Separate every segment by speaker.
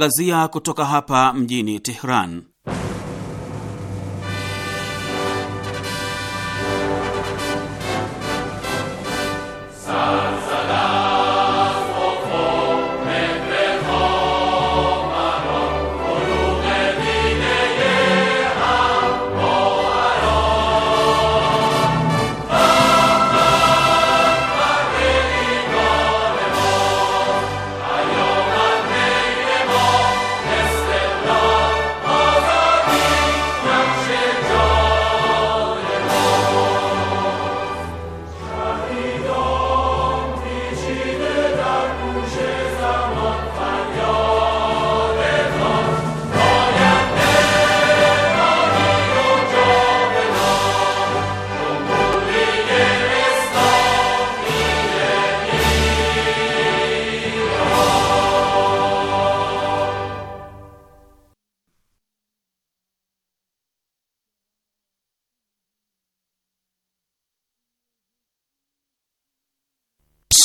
Speaker 1: Gazia kutoka hapa mjini Tehran.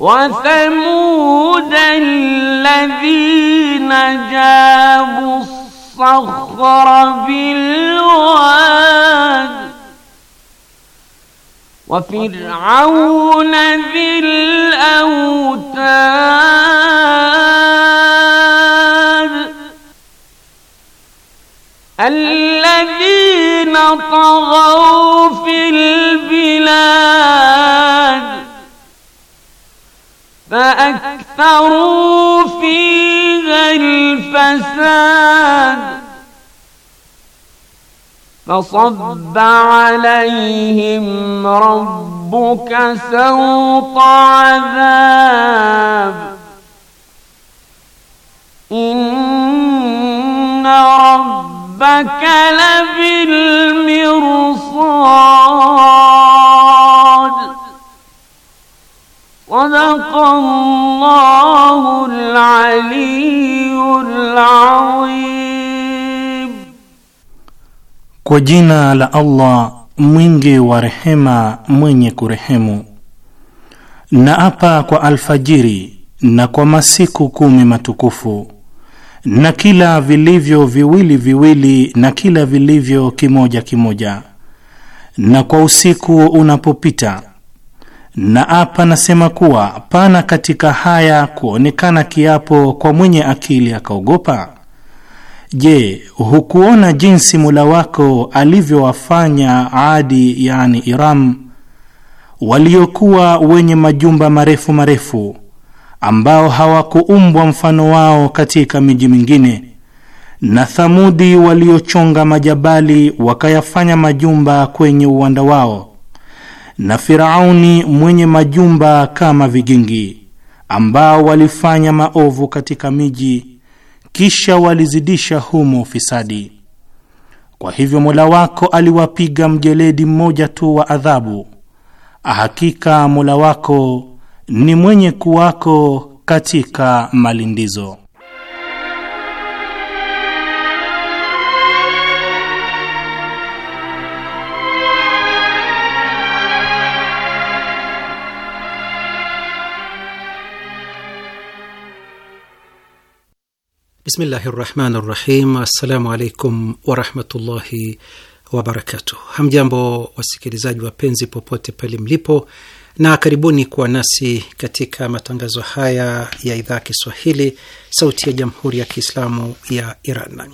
Speaker 2: وثمود الذين جابوا الصخر بالواد وفرعون ذي الأوتاد الذين طغوا في البلاد فأكثروا فيها الفساد فصب عليهم ربك سوط عذاب إن ربك لبالمرصاد Kwa
Speaker 1: jina la Allah mwingi wa rehema mwenye kurehemu. na apa kwa alfajiri na kwa masiku kumi matukufu na kila vilivyo viwili viwili na kila vilivyo kimoja kimoja na kwa usiku unapopita na apa nasema kuwa pana katika haya kuonekana kiapo kwa mwenye akili akaogopa. Je, hukuona jinsi mula wako alivyowafanya Adi, yani Iram, waliokuwa wenye majumba marefu marefu ambao hawakuumbwa mfano wao katika miji mingine, na Thamudi waliochonga majabali wakayafanya majumba kwenye uwanda wao na Firauni mwenye majumba kama vigingi, ambao walifanya maovu katika miji, kisha walizidisha humo ufisadi. Kwa hivyo Mola wako aliwapiga mjeledi mmoja tu wa adhabu. Hakika Mola wako ni mwenye kuwako katika malindizo.
Speaker 3: Bismillahi rahmani rahim. Assalamu alaikum warahmatullahi wabarakatuh. Hamjambo wasikilizaji wapenzi, popote pale mlipo, na karibuni kuwa nasi katika matangazo haya ya idhaa Kiswahili sauti ya jamhuri ya Kiislamu ya Iran.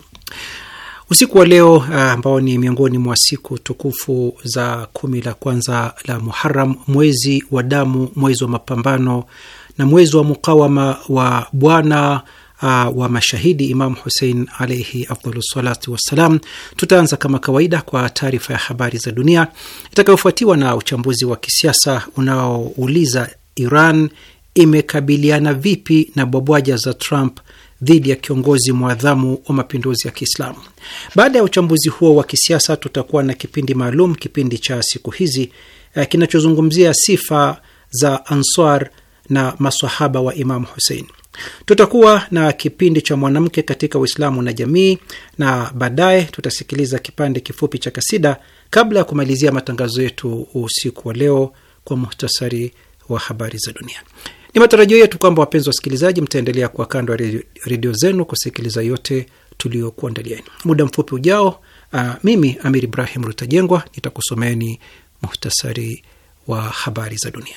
Speaker 3: Usiku wa leo ah, ambao ni miongoni mwa siku tukufu za kumi la kwanza la Muharam, mwezi wa damu, mwezi wa mapambano na mwezi wa mukawama wa Bwana Uh, wa mashahidi Imam Husein alaihi afdalu wassalam. Tutaanza kama kawaida kwa taarifa ya habari za dunia itakayofuatiwa na uchambuzi wa kisiasa unaouliza Iran imekabiliana vipi na bwabwaja za Trump dhidi ya kiongozi mwadhamu wa mapinduzi ya Kiislamu. Baada ya uchambuzi huo wa kisiasa, tutakuwa na kipindi maalum, kipindi cha siku hizi eh, kinachozungumzia sifa za Ansar na masahaba wa Imamu Husein. Tutakuwa na kipindi cha mwanamke katika Uislamu na jamii, na baadaye tutasikiliza kipande kifupi cha kasida kabla ya kumalizia matangazo yetu usiku wa leo kwa muhtasari wa habari za dunia. Ni matarajio yetu kwamba wapenzi wasikilizaji, mtaendelea kuwa kando ya redio zenu kusikiliza yote tuliyokuandalieni. Muda mfupi ujao, a, uh, mimi Amir Ibrahim Rutajengwa nitakusomeni muhtasari wa habari za dunia.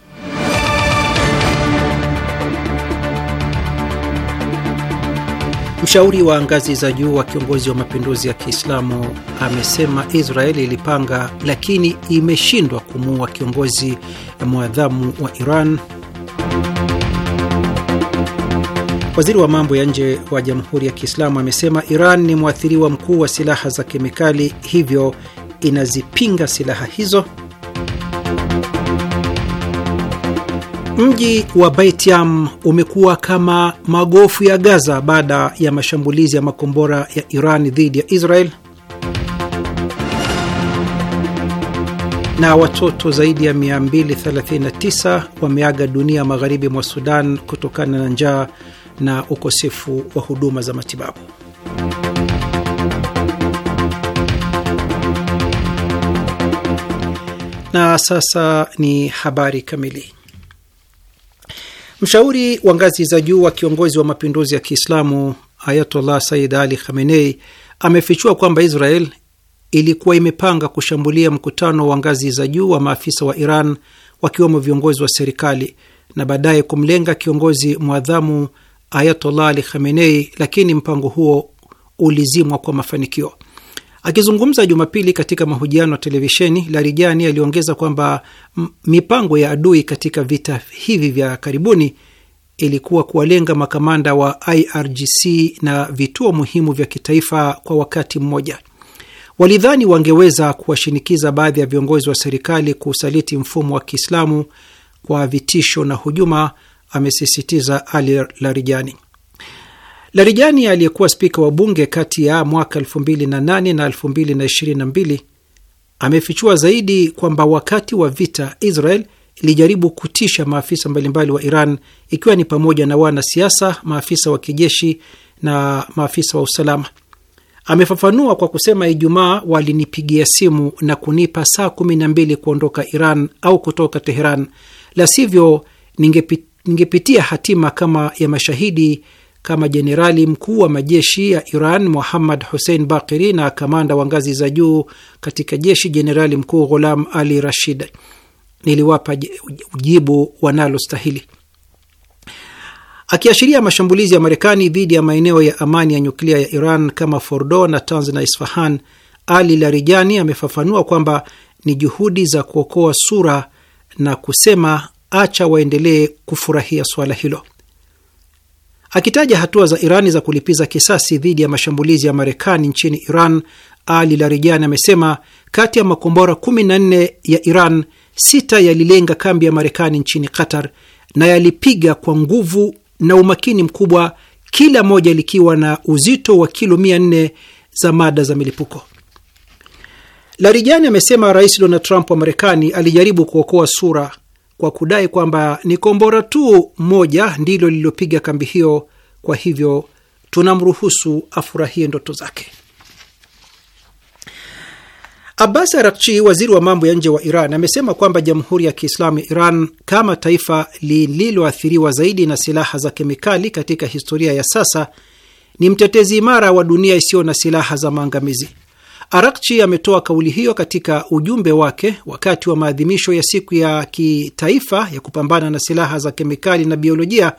Speaker 3: Mshauri wa ngazi za juu wa kiongozi wa mapinduzi ya Kiislamu amesema Israeli ilipanga lakini imeshindwa kumuua kiongozi mwadhamu wa Iran. Waziri wa mambo ya nje wa Jamhuri ya Kiislamu amesema Iran ni mwathiriwa mkuu wa silaha za kemikali, hivyo inazipinga silaha hizo. Mji wa Baitiam umekuwa kama magofu ya Gaza baada ya mashambulizi ya makombora ya Iran dhidi ya Israel, na watoto zaidi ya 239 wameaga dunia magharibi mwa Sudan kutokana na njaa na ukosefu wa huduma za matibabu. Na sasa ni habari kamili. Mshauri wa ngazi za juu wa kiongozi wa mapinduzi ya Kiislamu Ayatollah Said Ali Khamenei amefichua kwamba Israel ilikuwa imepanga kushambulia mkutano wa ngazi za juu wa maafisa wa Iran wakiwemo viongozi wa serikali na baadaye kumlenga kiongozi mwadhamu Ayatollah Ali Khamenei, lakini mpango huo ulizimwa kwa mafanikio. Akizungumza Jumapili katika mahojiano ya televisheni, Larijani aliongeza kwamba mipango ya adui katika vita hivi vya karibuni ilikuwa kuwalenga makamanda wa IRGC na vituo muhimu vya kitaifa kwa wakati mmoja. Walidhani wangeweza kuwashinikiza baadhi ya viongozi wa serikali kuusaliti mfumo wa Kiislamu kwa vitisho na hujuma, amesisitiza Ali Larijani. Larijani aliyekuwa spika wa bunge kati ya mwaka 2008 na 2022 amefichua zaidi kwamba wakati wa vita Israel ilijaribu kutisha maafisa mbalimbali wa Iran, ikiwa ni pamoja na wanasiasa, maafisa wa kijeshi na maafisa wa usalama. Amefafanua kwa kusema, Ijumaa walinipigia simu na kunipa saa kumi na mbili kuondoka Iran au kutoka Teheran, la sivyo ningepitia hatima kama ya mashahidi kama jenerali mkuu wa majeshi ya Iran Muhammad Hussein Bakiri na kamanda wa ngazi za juu katika jeshi Jenerali Mkuu Ghulam Ali Rashid. Niliwapa jibu wanalostahili. Akiashiria mashambulizi ya Marekani dhidi ya maeneo ya amani ya nyuklia ya Iran kama Fordo, tanz na Isfahan, Ali Larijani amefafanua kwamba ni juhudi za kuokoa sura na kusema acha waendelee kufurahia swala hilo. Akitaja hatua za Irani za kulipiza kisasi dhidi ya mashambulizi ya Marekani nchini Iran, Ali Larijani amesema kati ya makombora 14 ya Iran, sita yalilenga kambi ya Marekani nchini Qatar na yalipiga kwa nguvu na umakini mkubwa, kila moja likiwa na uzito wa kilo 400 za mada za milipuko. Larijani amesema Rais Donald Trump wa Marekani alijaribu kuokoa sura kwa kudai kwamba ni kombora tu moja ndilo lililopiga kambi hiyo, kwa hivyo tunamruhusu afurahie ndoto zake. Abbas Arakchi, waziri wa mambo ya nje wa Iran, amesema kwamba Jamhuri ya Kiislamu ya Iran kama taifa lililoathiriwa zaidi na silaha za kemikali katika historia ya sasa ni mtetezi imara wa dunia isiyo na silaha za maangamizi. Arakchi ametoa kauli hiyo katika ujumbe wake wakati wa maadhimisho ya siku ya kitaifa ya kupambana na silaha za kemikali na biolojia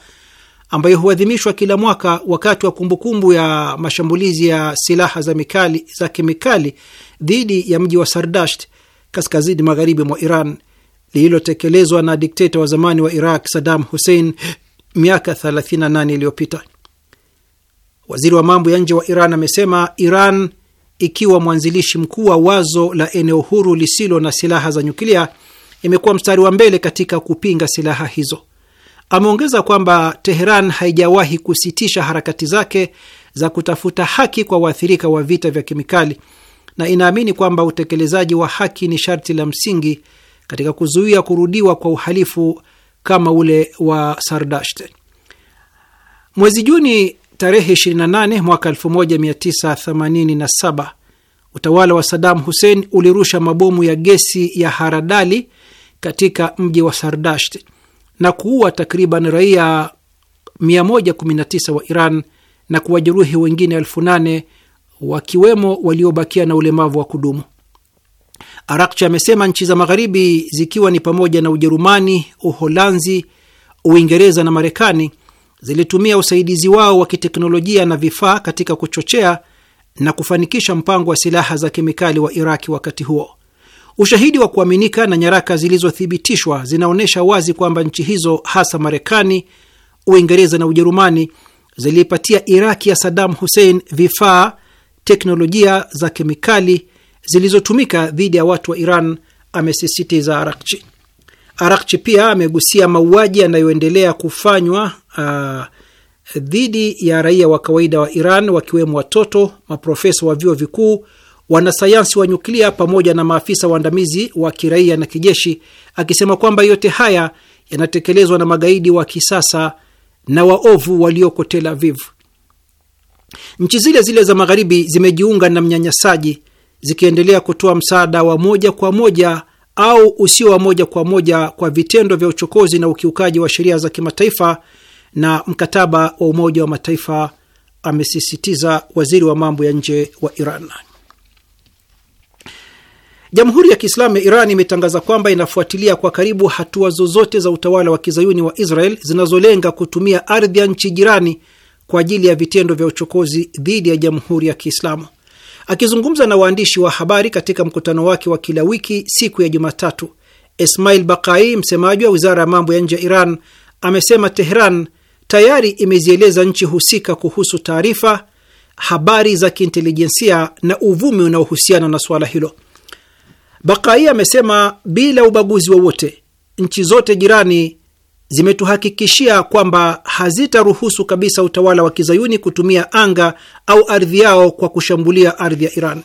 Speaker 3: ambayo huadhimishwa kila mwaka wakati wa kumbukumbu ya mashambulizi ya silaha za, mikali, za kemikali dhidi ya mji wa Sardasht kaskazini magharibi mwa Iran lililotekelezwa na dikteta wa zamani wa Iraq Saddam Hussein miaka 38 iliyopita. Waziri wa mambo ya nje wa Iran amesema Iran ikiwa mwanzilishi mkuu wa wazo la eneo huru lisilo na silaha za nyuklia, imekuwa mstari wa mbele katika kupinga silaha hizo. Ameongeza kwamba Teheran haijawahi kusitisha harakati zake za kutafuta haki kwa waathirika wa vita vya kemikali na inaamini kwamba utekelezaji wa haki ni sharti la msingi katika kuzuia kurudiwa kwa uhalifu kama ule wa Sardasht. Mwezi Juni tarehe 28 mwaka 1987 utawala wa Saddam Hussein ulirusha mabomu ya gesi ya haradali katika mji wa Sardasht na kuua takriban raia 119 wa Iran na kuwajeruhi wengine elfu nane wakiwemo waliobakia na ulemavu wa kudumu. Arakchi amesema nchi za magharibi zikiwa ni pamoja na Ujerumani, Uholanzi, Uingereza na Marekani zilitumia usaidizi wao wa kiteknolojia na vifaa katika kuchochea na kufanikisha mpango wa silaha za kemikali wa Iraki wakati huo. Ushahidi wa kuaminika na nyaraka zilizothibitishwa zinaonyesha wazi kwamba nchi hizo hasa Marekani, Uingereza na Ujerumani ziliipatia Iraki ya Saddam Hussein vifaa, teknolojia za kemikali zilizotumika dhidi ya watu wa Iran, amesisitiza Arakchi. Arakchi pia amegusia mauaji yanayoendelea kufanywa uh, dhidi ya raia wa kawaida wa Iran wakiwemo watoto, maprofesa wa vyuo vikuu, wanasayansi wa nyuklia pamoja na maafisa waandamizi wa kiraia na kijeshi, akisema kwamba yote haya yanatekelezwa na magaidi wa kisasa na waovu walioko Tel Aviv. Nchi zile zile za magharibi zimejiunga na mnyanyasaji zikiendelea kutoa msaada wa moja kwa moja au usio wa moja kwa moja kwa vitendo vya uchokozi na ukiukaji wa sheria za kimataifa na mkataba wa Umoja wa Mataifa, amesisitiza waziri wa mambo ya nje wa Iran. Jamhuri ya Kiislamu ya Iran imetangaza kwamba inafuatilia kwa karibu hatua zozote za utawala wa kizayuni wa Israel zinazolenga kutumia ardhi ya nchi jirani kwa ajili ya vitendo vya uchokozi dhidi ya Jamhuri ya Kiislamu. Akizungumza na waandishi wa habari katika mkutano wake wa kila wiki siku ya Jumatatu, Ismail Bakai, msemaji wa wizara ya mambo ya nje ya Iran, amesema Tehran tayari imezieleza nchi husika kuhusu taarifa, habari za kiintelijensia na uvumi unaohusiana na suala hilo. Bakai amesema bila ubaguzi wowote, nchi zote jirani zimetuhakikishia kwamba hazitaruhusu kabisa utawala wa kizayuni kutumia anga au ardhi yao kwa kushambulia ardhi ya Iran.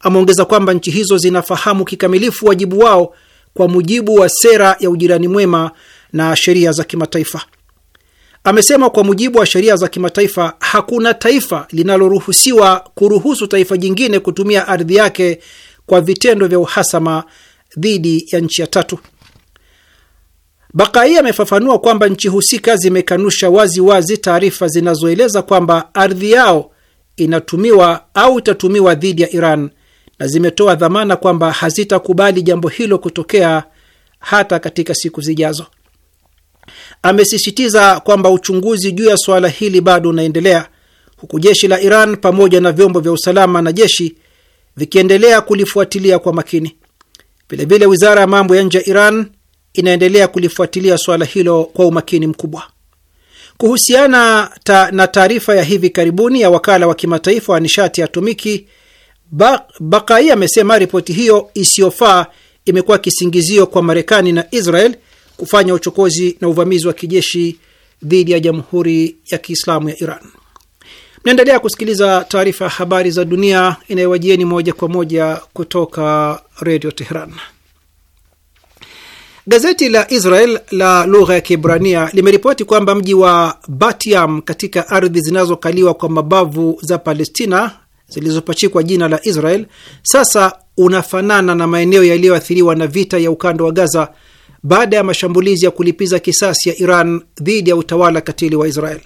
Speaker 3: Ameongeza kwamba nchi hizo zinafahamu kikamilifu wajibu wao kwa mujibu wa sera ya ujirani mwema na sheria za kimataifa. Amesema kwa mujibu wa sheria za kimataifa, hakuna taifa linaloruhusiwa kuruhusu taifa jingine kutumia ardhi yake kwa vitendo vya uhasama dhidi ya nchi ya tatu. Bakai amefafanua kwamba nchi husika zimekanusha wazi wazi taarifa zinazoeleza kwamba ardhi yao inatumiwa au itatumiwa dhidi ya Iran na zimetoa dhamana kwamba hazitakubali jambo hilo kutokea hata katika siku zijazo. Amesisitiza kwamba uchunguzi juu ya suala hili bado unaendelea huku jeshi la Iran pamoja na vyombo vya usalama na jeshi vikiendelea kulifuatilia kwa makini. Vilevile, wizara ya mambo ya nje ya Iran inaendelea kulifuatilia suala hilo kwa umakini mkubwa. Kuhusiana ta, na taarifa ya hivi karibuni ya wakala wa kimataifa wa nishati ya atomiki ba, Bakai amesema ripoti hiyo isiyofaa imekuwa kisingizio kwa Marekani na Israel kufanya uchokozi na uvamizi wa kijeshi dhidi ya Jamhuri ya Kiislamu ya Iran. Mnaendelea kusikiliza taarifa ya habari za dunia inayowajieni moja kwa moja kutoka Redio Teheran. Gazeti la Israel la lugha ya Kiebrania limeripoti kwamba mji wa Batiam katika ardhi zinazokaliwa kwa mabavu za Palestina zilizopachikwa jina la Israel sasa unafanana na maeneo yaliyoathiriwa na vita ya ukanda wa Gaza baada ya mashambulizi ya kulipiza kisasi ya Iran dhidi ya utawala katili wa Israel.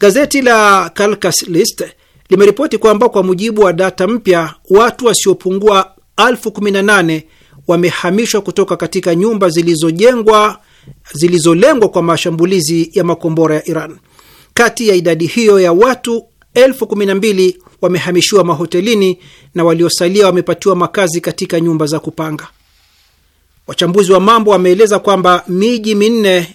Speaker 3: Gazeti la Calcas List limeripoti kwamba kwa mujibu wa data mpya, watu wasiopungua elfu kumi na nane wamehamishwa kutoka katika nyumba zilizojengwa zilizolengwa kwa mashambulizi ya makombora ya Iran. Kati ya idadi hiyo ya watu elfu kumi na mbili wamehamishiwa mahotelini na waliosalia wamepatiwa makazi katika nyumba za kupanga. Wachambuzi wa mambo wameeleza kwamba miji minne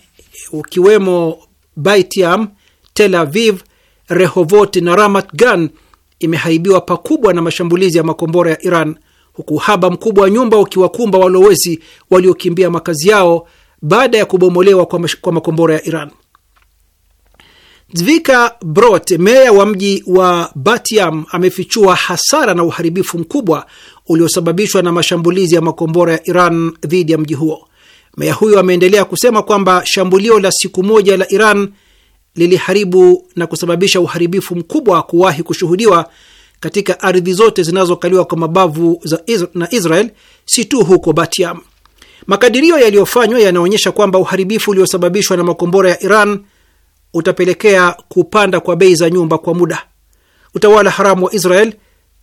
Speaker 3: ukiwemo Baitiam, Tel Aviv, Rehovot na Ramat Gan imeharibiwa pakubwa na mashambulizi ya makombora ya Iran huku uhaba mkubwa wa nyumba ukiwakumba walowezi waliokimbia makazi yao baada ya kubomolewa kwa, kwa makombora ya Iran. Zvika Brot, meya wa mji wa Batiam, amefichua hasara na uharibifu mkubwa uliosababishwa na mashambulizi ya makombora ya Iran dhidi ya mji huo. Meya huyo ameendelea kusema kwamba shambulio la siku moja la Iran liliharibu na kusababisha uharibifu mkubwa kuwahi kushuhudiwa katika ardhi zote zinazokaliwa kwa mabavu za Israel, na Israel si tu huko Batiam. Makadirio yaliyofanywa yanaonyesha kwamba uharibifu uliosababishwa na makombora ya Iran utapelekea kupanda kwa bei za nyumba kwa muda. Utawala haramu wa Israel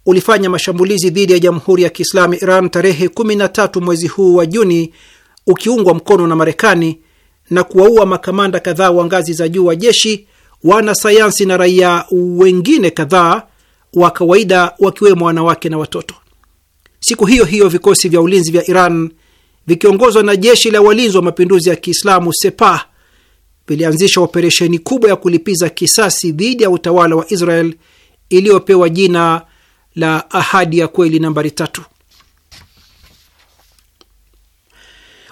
Speaker 3: ulifanya mashambulizi dhidi ya Jamhuri ya Kiislamu Iran tarehe 13 mwezi huu wa Juni, ukiungwa mkono na Marekani na kuwaua makamanda kadhaa wa ngazi za juu wa jeshi, wanasayansi na raia wengine kadhaa wa kawaida wakiwemo wanawake na watoto. Siku hiyo hiyo vikosi vya ulinzi vya Iran vikiongozwa na jeshi la walinzi wa mapinduzi ya Kiislamu Sepah vilianzisha operesheni kubwa ya kulipiza kisasi dhidi ya utawala wa Israel iliyopewa jina la Ahadi ya Kweli nambari tatu.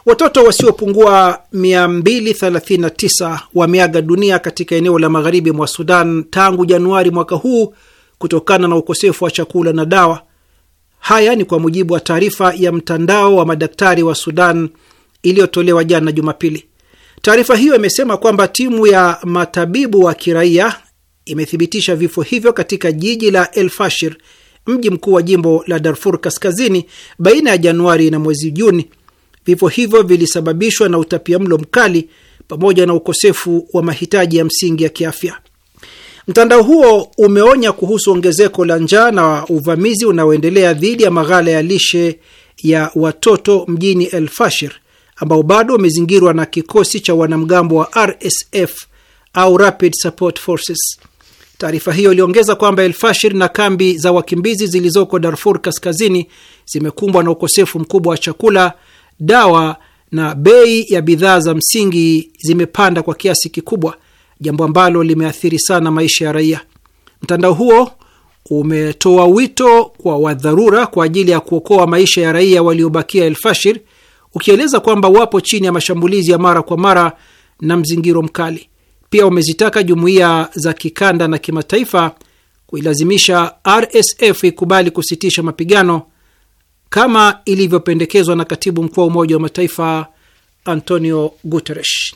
Speaker 3: Watoto wasiopungua 239 wameaga dunia katika eneo la magharibi mwa Sudan tangu Januari mwaka huu kutokana na ukosefu wa chakula na dawa. Haya ni kwa mujibu wa taarifa ya mtandao wa madaktari wa Sudan iliyotolewa jana Jumapili. Taarifa hiyo imesema kwamba timu ya matabibu wa kiraia imethibitisha vifo hivyo katika jiji la El Fashir, mji mkuu wa jimbo la Darfur Kaskazini, baina ya Januari na mwezi Juni. Vifo hivyo vilisababishwa na utapia mlo mkali pamoja na ukosefu wa mahitaji ya msingi ya kiafya. Mtandao huo umeonya kuhusu ongezeko la njaa na uvamizi unaoendelea dhidi ya maghala ya lishe ya watoto mjini El Fashir ambao bado wamezingirwa na kikosi cha wanamgambo wa RSF au Rapid Support Forces. Taarifa hiyo iliongeza kwamba El Fashir na kambi za wakimbizi zilizoko Darfur kaskazini zimekumbwa na ukosefu mkubwa wa chakula, dawa na bei ya bidhaa za msingi zimepanda kwa kiasi kikubwa jambo ambalo limeathiri sana maisha ya raia. Mtandao huo umetoa wito kwa wadharura kwa ajili ya kuokoa maisha ya raia waliobakia Elfashir, ukieleza kwamba wapo chini ya mashambulizi ya mara kwa mara na mzingiro mkali. Pia wamezitaka jumuiya za kikanda na kimataifa kuilazimisha RSF ikubali kusitisha mapigano kama ilivyopendekezwa na katibu mkuu wa Umoja wa Mataifa Antonio Guterres.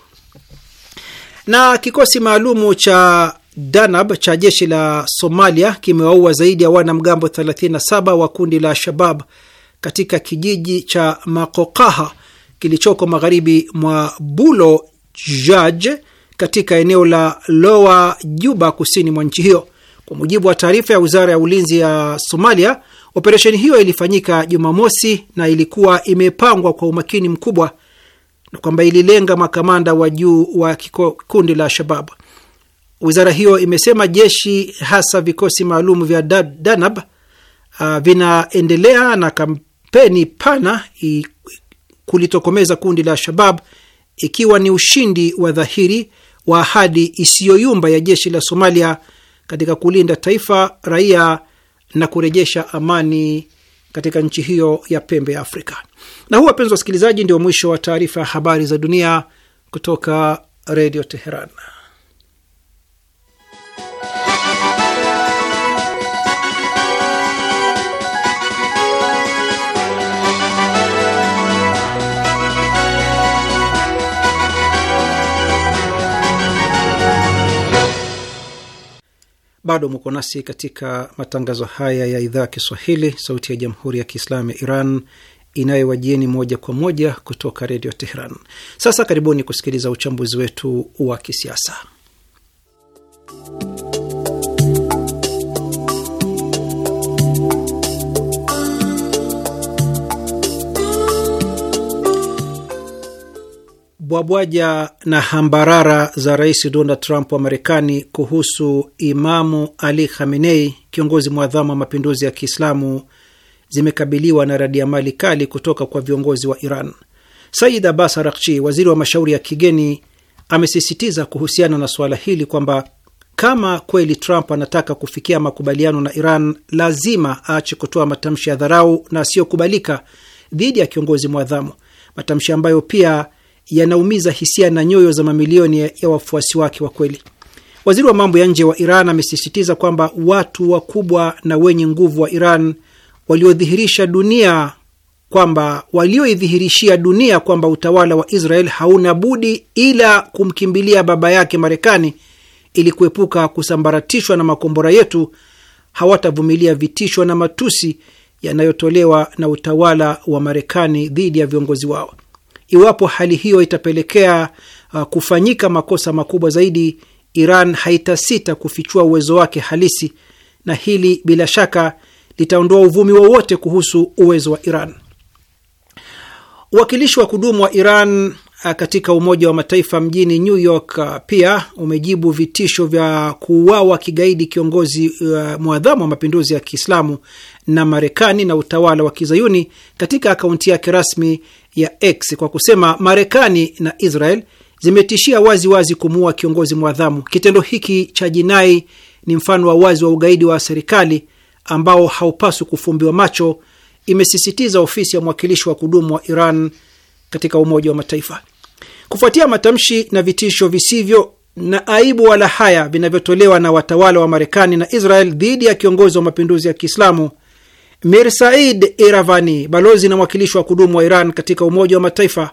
Speaker 3: Na kikosi maalumu cha Danab cha jeshi la Somalia kimewaua zaidi ya wanamgambo 37 wa kundi la Shabab katika kijiji cha Makokaha kilichoko magharibi mwa Bulo Jaj katika eneo la Lower Juba kusini mwa nchi hiyo. Kwa mujibu wa taarifa ya wizara ya ulinzi ya Somalia, operesheni hiyo ilifanyika Jumamosi na ilikuwa imepangwa kwa umakini mkubwa na kwamba ililenga makamanda wa juu wa kundi la Al-Shabab. Wizara hiyo imesema jeshi, hasa vikosi maalum vya Danab, uh, vinaendelea na kampeni pana i, kulitokomeza kundi la Al-Shabab, ikiwa ni ushindi wa dhahiri wa ahadi isiyoyumba ya jeshi la Somalia katika kulinda taifa, raia na kurejesha amani katika nchi hiyo ya pembe ya Afrika. Na huu, wapenzi wasikilizaji, ndio mwisho wa taarifa ya habari za dunia kutoka Redio Teheran. Bado muko nasi katika matangazo haya ya idhaa ya Kiswahili, sauti ya jamhuri ya kiislamu ya Iran inayowajieni moja kwa moja kutoka redio Teheran. Sasa karibuni kusikiliza uchambuzi wetu wa kisiasa. bwabwaja na hambarara za Rais Donald Trump wa Marekani kuhusu Imamu Ali Khamenei, kiongozi mwadhamu wa mapinduzi ya Kiislamu, zimekabiliwa na radia mali kali kutoka kwa viongozi wa Iran. Said Abbas Arakchi, waziri wa mashauri ya kigeni, amesisitiza kuhusiana na suala hili kwamba kama kweli Trump anataka kufikia makubaliano na Iran, lazima aache kutoa matamshi ya dharau na asiyokubalika dhidi ya kiongozi mwadhamu, matamshi ambayo pia yanaumiza hisia na nyoyo za mamilioni ya wafuasi wake wa kweli. Waziri wa mambo ya nje wa Iran amesisitiza kwamba watu wakubwa na wenye nguvu wa Iran waliodhihirisha dunia kwamba walioidhihirishia dunia kwamba utawala wa Israel hauna budi ila kumkimbilia baba yake Marekani ili kuepuka kusambaratishwa na makombora yetu hawatavumilia vitisho na matusi yanayotolewa na utawala wa Marekani dhidi ya viongozi wao. Iwapo hali hiyo itapelekea uh, kufanyika makosa makubwa zaidi, Iran haitasita kufichua uwezo wake halisi, na hili bila shaka litaondoa uvumi wowote kuhusu uwezo wa Iran. Uwakilishi wa kudumu wa Iran uh, katika Umoja wa Mataifa mjini New York uh, pia umejibu vitisho vya kuuawa kigaidi kiongozi uh, mwadhamu wa mapinduzi ya Kiislamu na Marekani na utawala wa Kizayuni katika akaunti yake rasmi ya X kwa kusema Marekani na Israel zimetishia wazi wazi kumuua kiongozi mwadhamu. Kitendo hiki cha jinai ni mfano wa wazi wa ugaidi wa serikali ambao haupaswi kufumbiwa macho, imesisitiza ofisi ya mwakilishi wa kudumu wa Iran katika Umoja wa Mataifa. Kufuatia matamshi na vitisho visivyo na aibu wala haya vinavyotolewa na watawala wa Marekani na Israel dhidi ya kiongozi wa mapinduzi ya Kiislamu, Mirsaid Iravani, balozi na mwakilishi wa kudumu wa Iran katika Umoja wa Mataifa,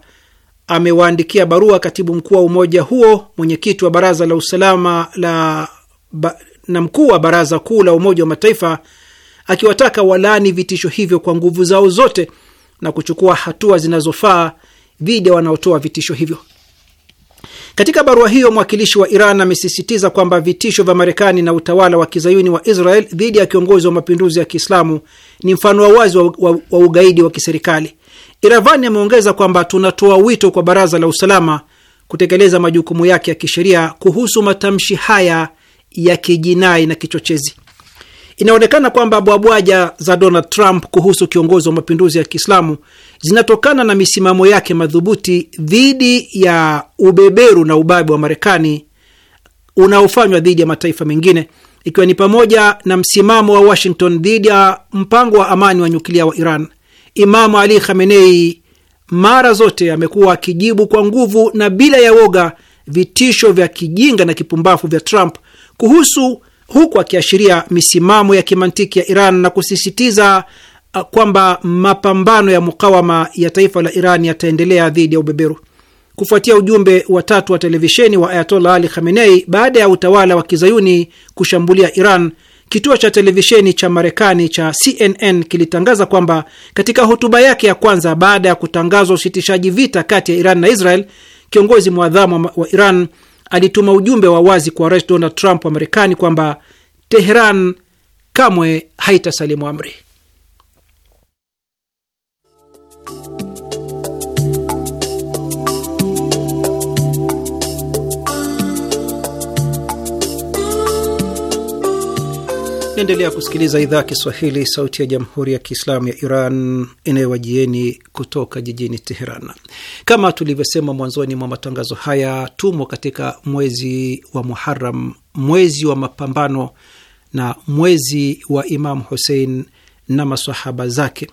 Speaker 3: amewaandikia barua katibu mkuu wa umoja huo, mwenyekiti wa baraza la usalama la ba, na mkuu wa baraza kuu la Umoja wa Mataifa akiwataka walaani vitisho hivyo kwa nguvu zao zote na kuchukua hatua zinazofaa dhidi ya wanaotoa vitisho hivyo. Katika barua hiyo mwakilishi wa Iran amesisitiza kwamba vitisho vya Marekani na utawala wa kizayuni wa Israel dhidi ya kiongozi wa mapinduzi ya Kiislamu ni mfano wa wazi wa, wa, wa ugaidi wa kiserikali. Iravani ameongeza kwamba tunatoa wito kwa Baraza la Usalama kutekeleza majukumu yake ya kisheria kuhusu matamshi haya ya kijinai na kichochezi. Inaonekana kwamba bwabwaja za Donald Trump kuhusu kiongozi wa mapinduzi ya Kiislamu zinatokana na misimamo yake madhubuti dhidi ya ubeberu na ubabe wa Marekani unaofanywa dhidi ya mataifa mengine ikiwa ni pamoja na msimamo wa Washington dhidi ya mpango wa amani wa nyuklia wa Iran. Imamu Ali Khamenei mara zote amekuwa akijibu kwa nguvu na bila ya woga vitisho vya kijinga na kipumbafu vya Trump kuhusu huku akiashiria misimamo ya kimantiki ya Iran na kusisitiza uh, kwamba mapambano ya mukawama ya taifa la Iran yataendelea dhidi ya ubeberu. Kufuatia ujumbe wa tatu wa televisheni wa Ayatollah Ali Khamenei baada ya utawala wa kizayuni kushambulia Iran, kituo cha televisheni cha Marekani cha CNN kilitangaza kwamba katika hotuba yake ya kwanza baada ya kutangazwa usitishaji vita kati ya Iran na Israel, kiongozi mwadhamu wa Iran alituma ujumbe wa wazi kwa Rais Donald Trump wa Marekani kwamba Teheran kamwe haitasalimu amri. Naendelea kusikiliza idhaa ya Kiswahili, sauti ya jamhuri ya kiislamu ya Iran inayowajieni kutoka jijini Teheran. Kama tulivyosema mwanzoni mwa matangazo haya, tumo katika mwezi wa Muharam, mwezi wa mapambano na mwezi wa Imamu Husein na masahaba zake.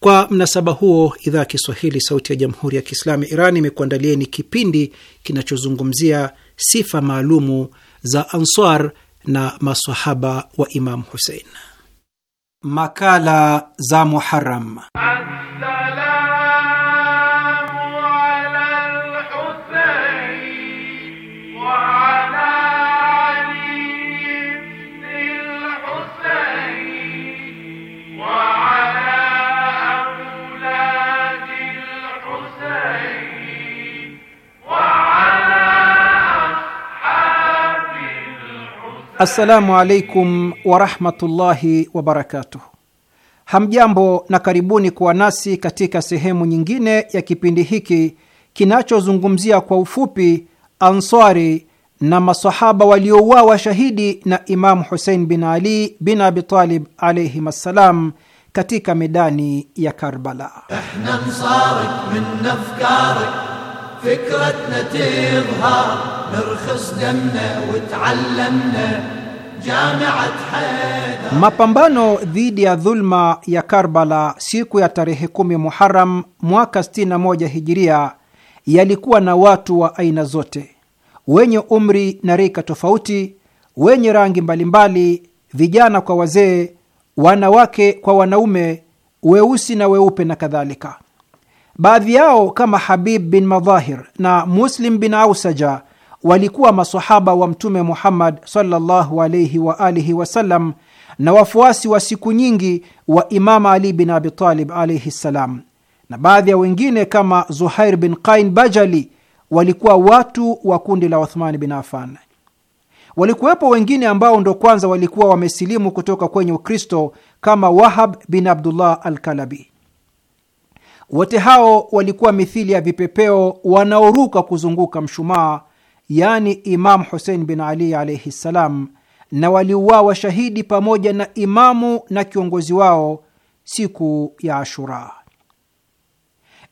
Speaker 3: Kwa mnasaba huo, idhaa ya Kiswahili, sauti ya jamhuri ya kiislamu ya Iran imekuandalieni kipindi kinachozungumzia sifa maalumu za Ansar na masahaba wa Imamu Husein. Makala za Muharam. Assalamu alaikum warahmatullahi wabarakatuh. Hamjambo na karibuni kuwa nasi katika sehemu nyingine ya kipindi hiki kinachozungumzia kwa ufupi Ansari na masahaba waliouawa shahidi na Imamu Husein bin Ali bin Abitalib alaihim assalam katika medani ya Karbala. فكرتنا تظهر نرخص دمنا وتعلمنا Mapambano dhidi ya dhulma ya Karbala siku ya tarehe kumi Muharam mwaka 61 hijiria yalikuwa na watu wa aina zote, wenye umri na rika tofauti, wenye rangi mbalimbali, vijana kwa wazee, wanawake kwa wanaume, weusi na weupe na kadhalika. Baadhi yao kama Habib bin Madhahir na Muslim bin Ausaja walikuwa masahaba wa Mtume Muhammad sallallahu alayhi wa alihi wasallam na wafuasi wa siku nyingi wa Imama Ali bin Abi Talib alayhi ssalam, na baadhi ya wengine kama Zuhair bin Qain Bajali walikuwa watu wa kundi la Uthmani bin Affan. Walikuwepo wengine ambao ndo kwanza walikuwa wamesilimu kutoka kwenye Ukristo kama Wahab bin Abdullah alkalabi wote hao walikuwa mithili ya vipepeo wanaoruka kuzunguka mshumaa, yaani Imamu Husein bin Ali alaihi ssalam, na waliuawa shahidi pamoja na imamu na kiongozi wao siku ya Ashura.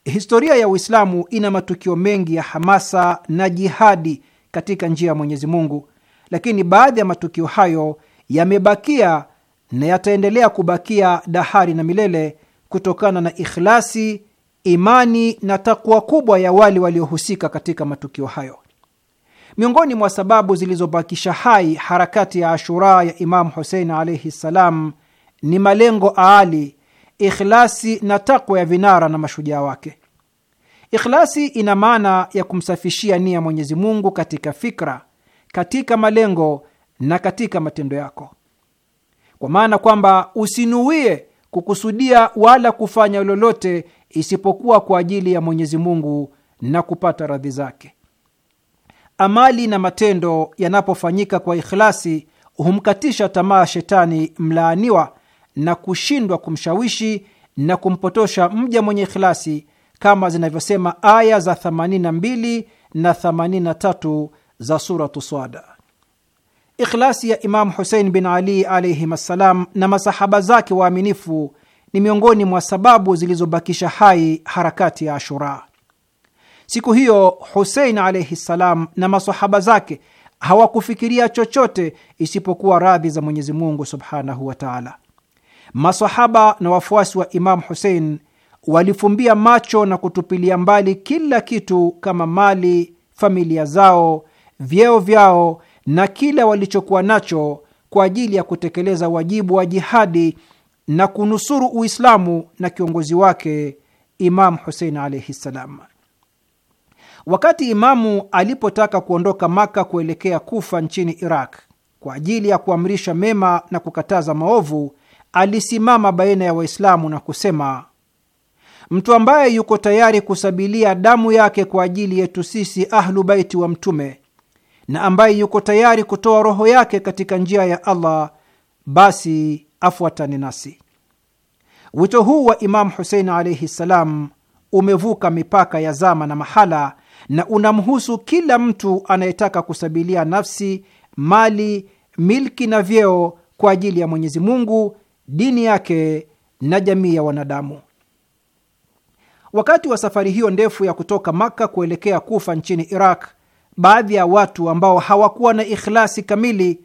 Speaker 3: Historia ya Uislamu ina matukio mengi ya hamasa na jihadi katika njia ya Mwenyezi Mungu, lakini baadhi ya matukio hayo yamebakia na yataendelea kubakia dahari na milele kutokana na ikhlasi, imani na takwa kubwa ya wale waliohusika katika matukio hayo. Miongoni mwa sababu zilizobakisha hai harakati ya Ashura ya Imamu Husein alaihi ssalam ni malengo aali, ikhlasi na takwa ya vinara na mashujaa wake. Ikhlasi ina maana ya kumsafishia nia Mwenyezi Mungu katika fikra, katika malengo na katika matendo yako, kwa maana kwamba usinuie kukusudia wala kufanya lolote isipokuwa kwa ajili ya Mwenyezi Mungu na kupata radhi zake. Amali na matendo yanapofanyika kwa ikhlasi humkatisha tamaa shetani mlaaniwa na kushindwa kumshawishi na kumpotosha mja mwenye ikhlasi, kama zinavyosema aya za 82 na 83 za Suratu Swada. Ikhlasi ya Imamu Husein bin Ali alaihim assalam na masahaba zake waaminifu ni miongoni mwa sababu zilizobakisha hai harakati ya Ashura. Siku hiyo Husein alaihi ssalam na masahaba zake hawakufikiria chochote isipokuwa radhi za Mwenyezi Mungu subhanahu wa taala. Masahaba na wafuasi wa Imamu Husein walifumbia macho na kutupilia mbali kila kitu kama mali, familia zao, vyeo vyao na kila walichokuwa nacho kwa ajili ya kutekeleza wajibu wa jihadi na kunusuru Uislamu na kiongozi wake Imamu Husein alaihi ssalam. Wakati Imamu alipotaka kuondoka Maka kuelekea Kufa nchini Iraq kwa ajili ya kuamrisha mema na kukataza maovu, alisimama baina ya Waislamu na kusema, mtu ambaye yuko tayari kusabilia damu yake kwa ajili yetu sisi Ahlu Baiti wa Mtume na ambaye yuko tayari kutoa roho yake katika njia ya Allah, basi afuatane nasi. Wito huu wa Imamu Husein alaihi ssalam umevuka mipaka ya zama na mahala na unamhusu kila mtu anayetaka kusabilia nafsi, mali, milki na vyeo kwa ajili ya Mwenyezi Mungu, dini yake na jamii ya wanadamu. Wakati wa safari hiyo ndefu ya kutoka Makka kuelekea Kufa nchini Iraq, baadhi ya watu ambao hawakuwa na ikhlasi kamili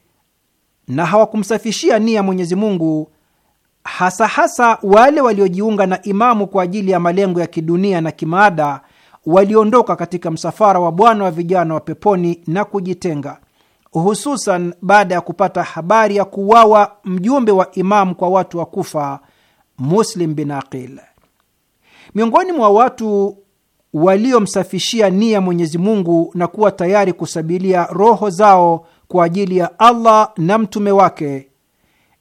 Speaker 3: na hawakumsafishia nia Mwenyezi Mungu, hasa hasa wale waliojiunga na imamu kwa ajili ya malengo ya kidunia na kimaada, waliondoka katika msafara wa Bwana wa vijana wa peponi na kujitenga, hususan baada ya kupata habari ya kuuawa mjumbe wa imamu kwa watu wa Kufa, Muslim bin Aqil. Miongoni mwa watu waliomsafishia nia Mwenyezi Mungu na kuwa tayari kusabilia roho zao kwa ajili ya Allah na mtume wake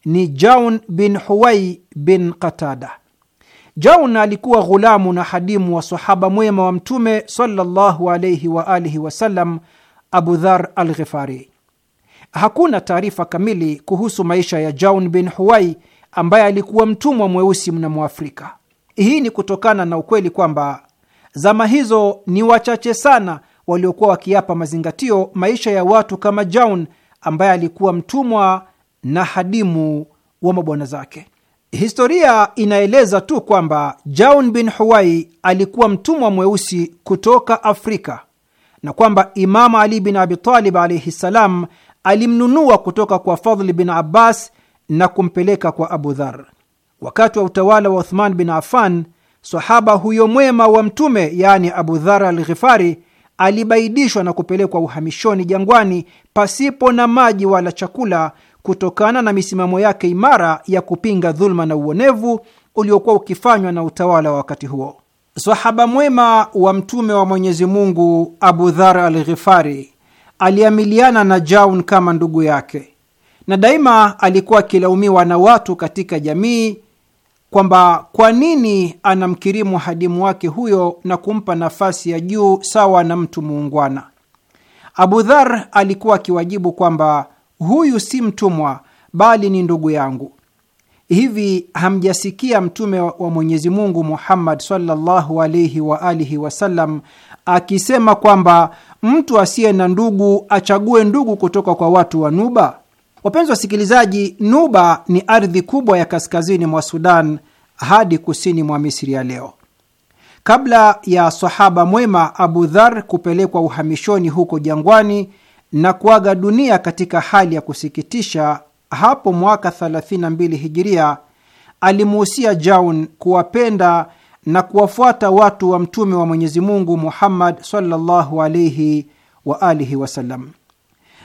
Speaker 3: ni Jaun bin Huwai bin Qatada. Jaun alikuwa ghulamu na hadimu wa sahaba mwema wa mtume sallallahu alayhi wa alihi wasallam, Abu Dhar al Ghifari. Hakuna taarifa kamili kuhusu maisha ya Jaun bin Huwai ambaye alikuwa mtumwa mweusi mna Mwafrika. Hii ni kutokana na ukweli kwamba Zama hizo ni wachache sana waliokuwa wakiapa mazingatio maisha ya watu kama Jaun ambaye alikuwa mtumwa na hadimu wa mabwana zake. Historia inaeleza tu kwamba Jaun bin Huwai alikuwa mtumwa mweusi kutoka Afrika na kwamba Imamu Ali bin Abitalib alaihi ssalam alimnunua kutoka kwa Fadhli bin Abbas na kumpeleka kwa Abu Dhar. Wakati wa utawala wa Uthman bin Affan Sahaba huyo mwema wa Mtume, yaani Abu Dhar al Ghifari, alibaidishwa na kupelekwa uhamishoni jangwani pasipo na maji wala chakula, kutokana na misimamo yake imara ya kupinga dhuluma na uonevu uliokuwa ukifanywa na utawala wa wakati huo. Sahaba mwema wa Mtume wa Mwenyezi Mungu Abu Dhar al Ghifari aliamiliana na Jaun kama ndugu yake, na daima alikuwa akilaumiwa na watu katika jamii kwamba kwa nini anamkirimu hadimu wake huyo na kumpa nafasi ya juu sawa na mtu muungwana. Abu Dhar alikuwa akiwajibu kwamba huyu si mtumwa, bali ni ndugu yangu. Hivi hamjasikia Mtume wa Mwenyezi Mungu Muhammad sallallahu alaihi wa alihi wasallam akisema kwamba mtu asiye na ndugu achague ndugu kutoka kwa watu wa Nuba? Wapenzi wasikilizaji, Nuba ni ardhi kubwa ya kaskazini mwa Sudan hadi kusini mwa Misri ya leo. Kabla ya sahaba mwema Abu Dhar kupelekwa uhamishoni huko jangwani na kuaga dunia katika hali ya kusikitisha hapo mwaka 32 Hijiria, alimuhusia Jaun kuwapenda na kuwafuata watu wa mtume wa Mwenyezi Mungu Muhammad sallallahu alaihi wa alihi wasallam.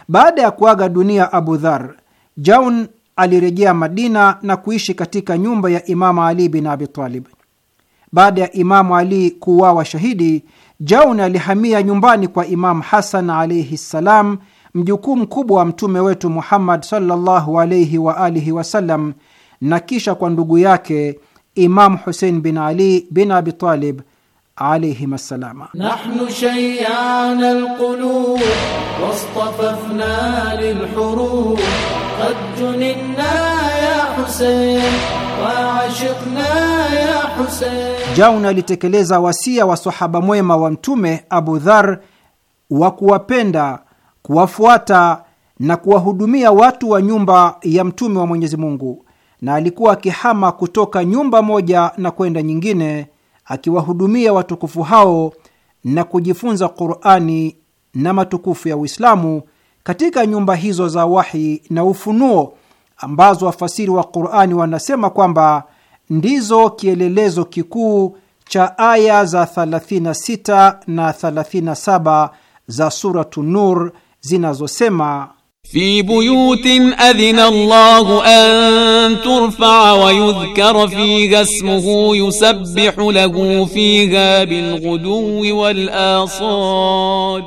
Speaker 3: Baada ya kuaga dunia Abu Dhar, Jaun alirejea Madina na kuishi katika nyumba ya Imamu Ali bin Abi Talib. Baada ya Imamu Ali kuuawa shahidi, Jaun alihamia nyumbani kwa Imamu Hasan alaihi ssalam, mjukuu mkubwa wa mtume wetu Muhammad sallallahu alaihi wa alihi wasallam, na kisha kwa ndugu yake Imamu Husein bin Ali bin Abi Talib alaihim assalama.
Speaker 2: Nahnu alqulub lilhurub qad junna ya wa ya
Speaker 3: Jauna alitekeleza wasia wa sahaba mwema wa Mtume Abu Dhar wa kuwapenda, kuwafuata na kuwahudumia watu wa nyumba ya Mtume wa Mwenyezi Mungu, na alikuwa akihama kutoka nyumba moja na kwenda nyingine akiwahudumia watukufu hao na kujifunza Qurani na matukufu ya Uislamu katika nyumba hizo za wahi na ufunuo ambazo wafasiri wa Qurani wanasema kwamba ndizo kielelezo kikuu cha aya za 36 na 37 za Suratu Nur zinazosema في بيوت أذن الله أن ترفع ويذكر فيها اسمه يسبح
Speaker 2: له فيها بالغدو والآصال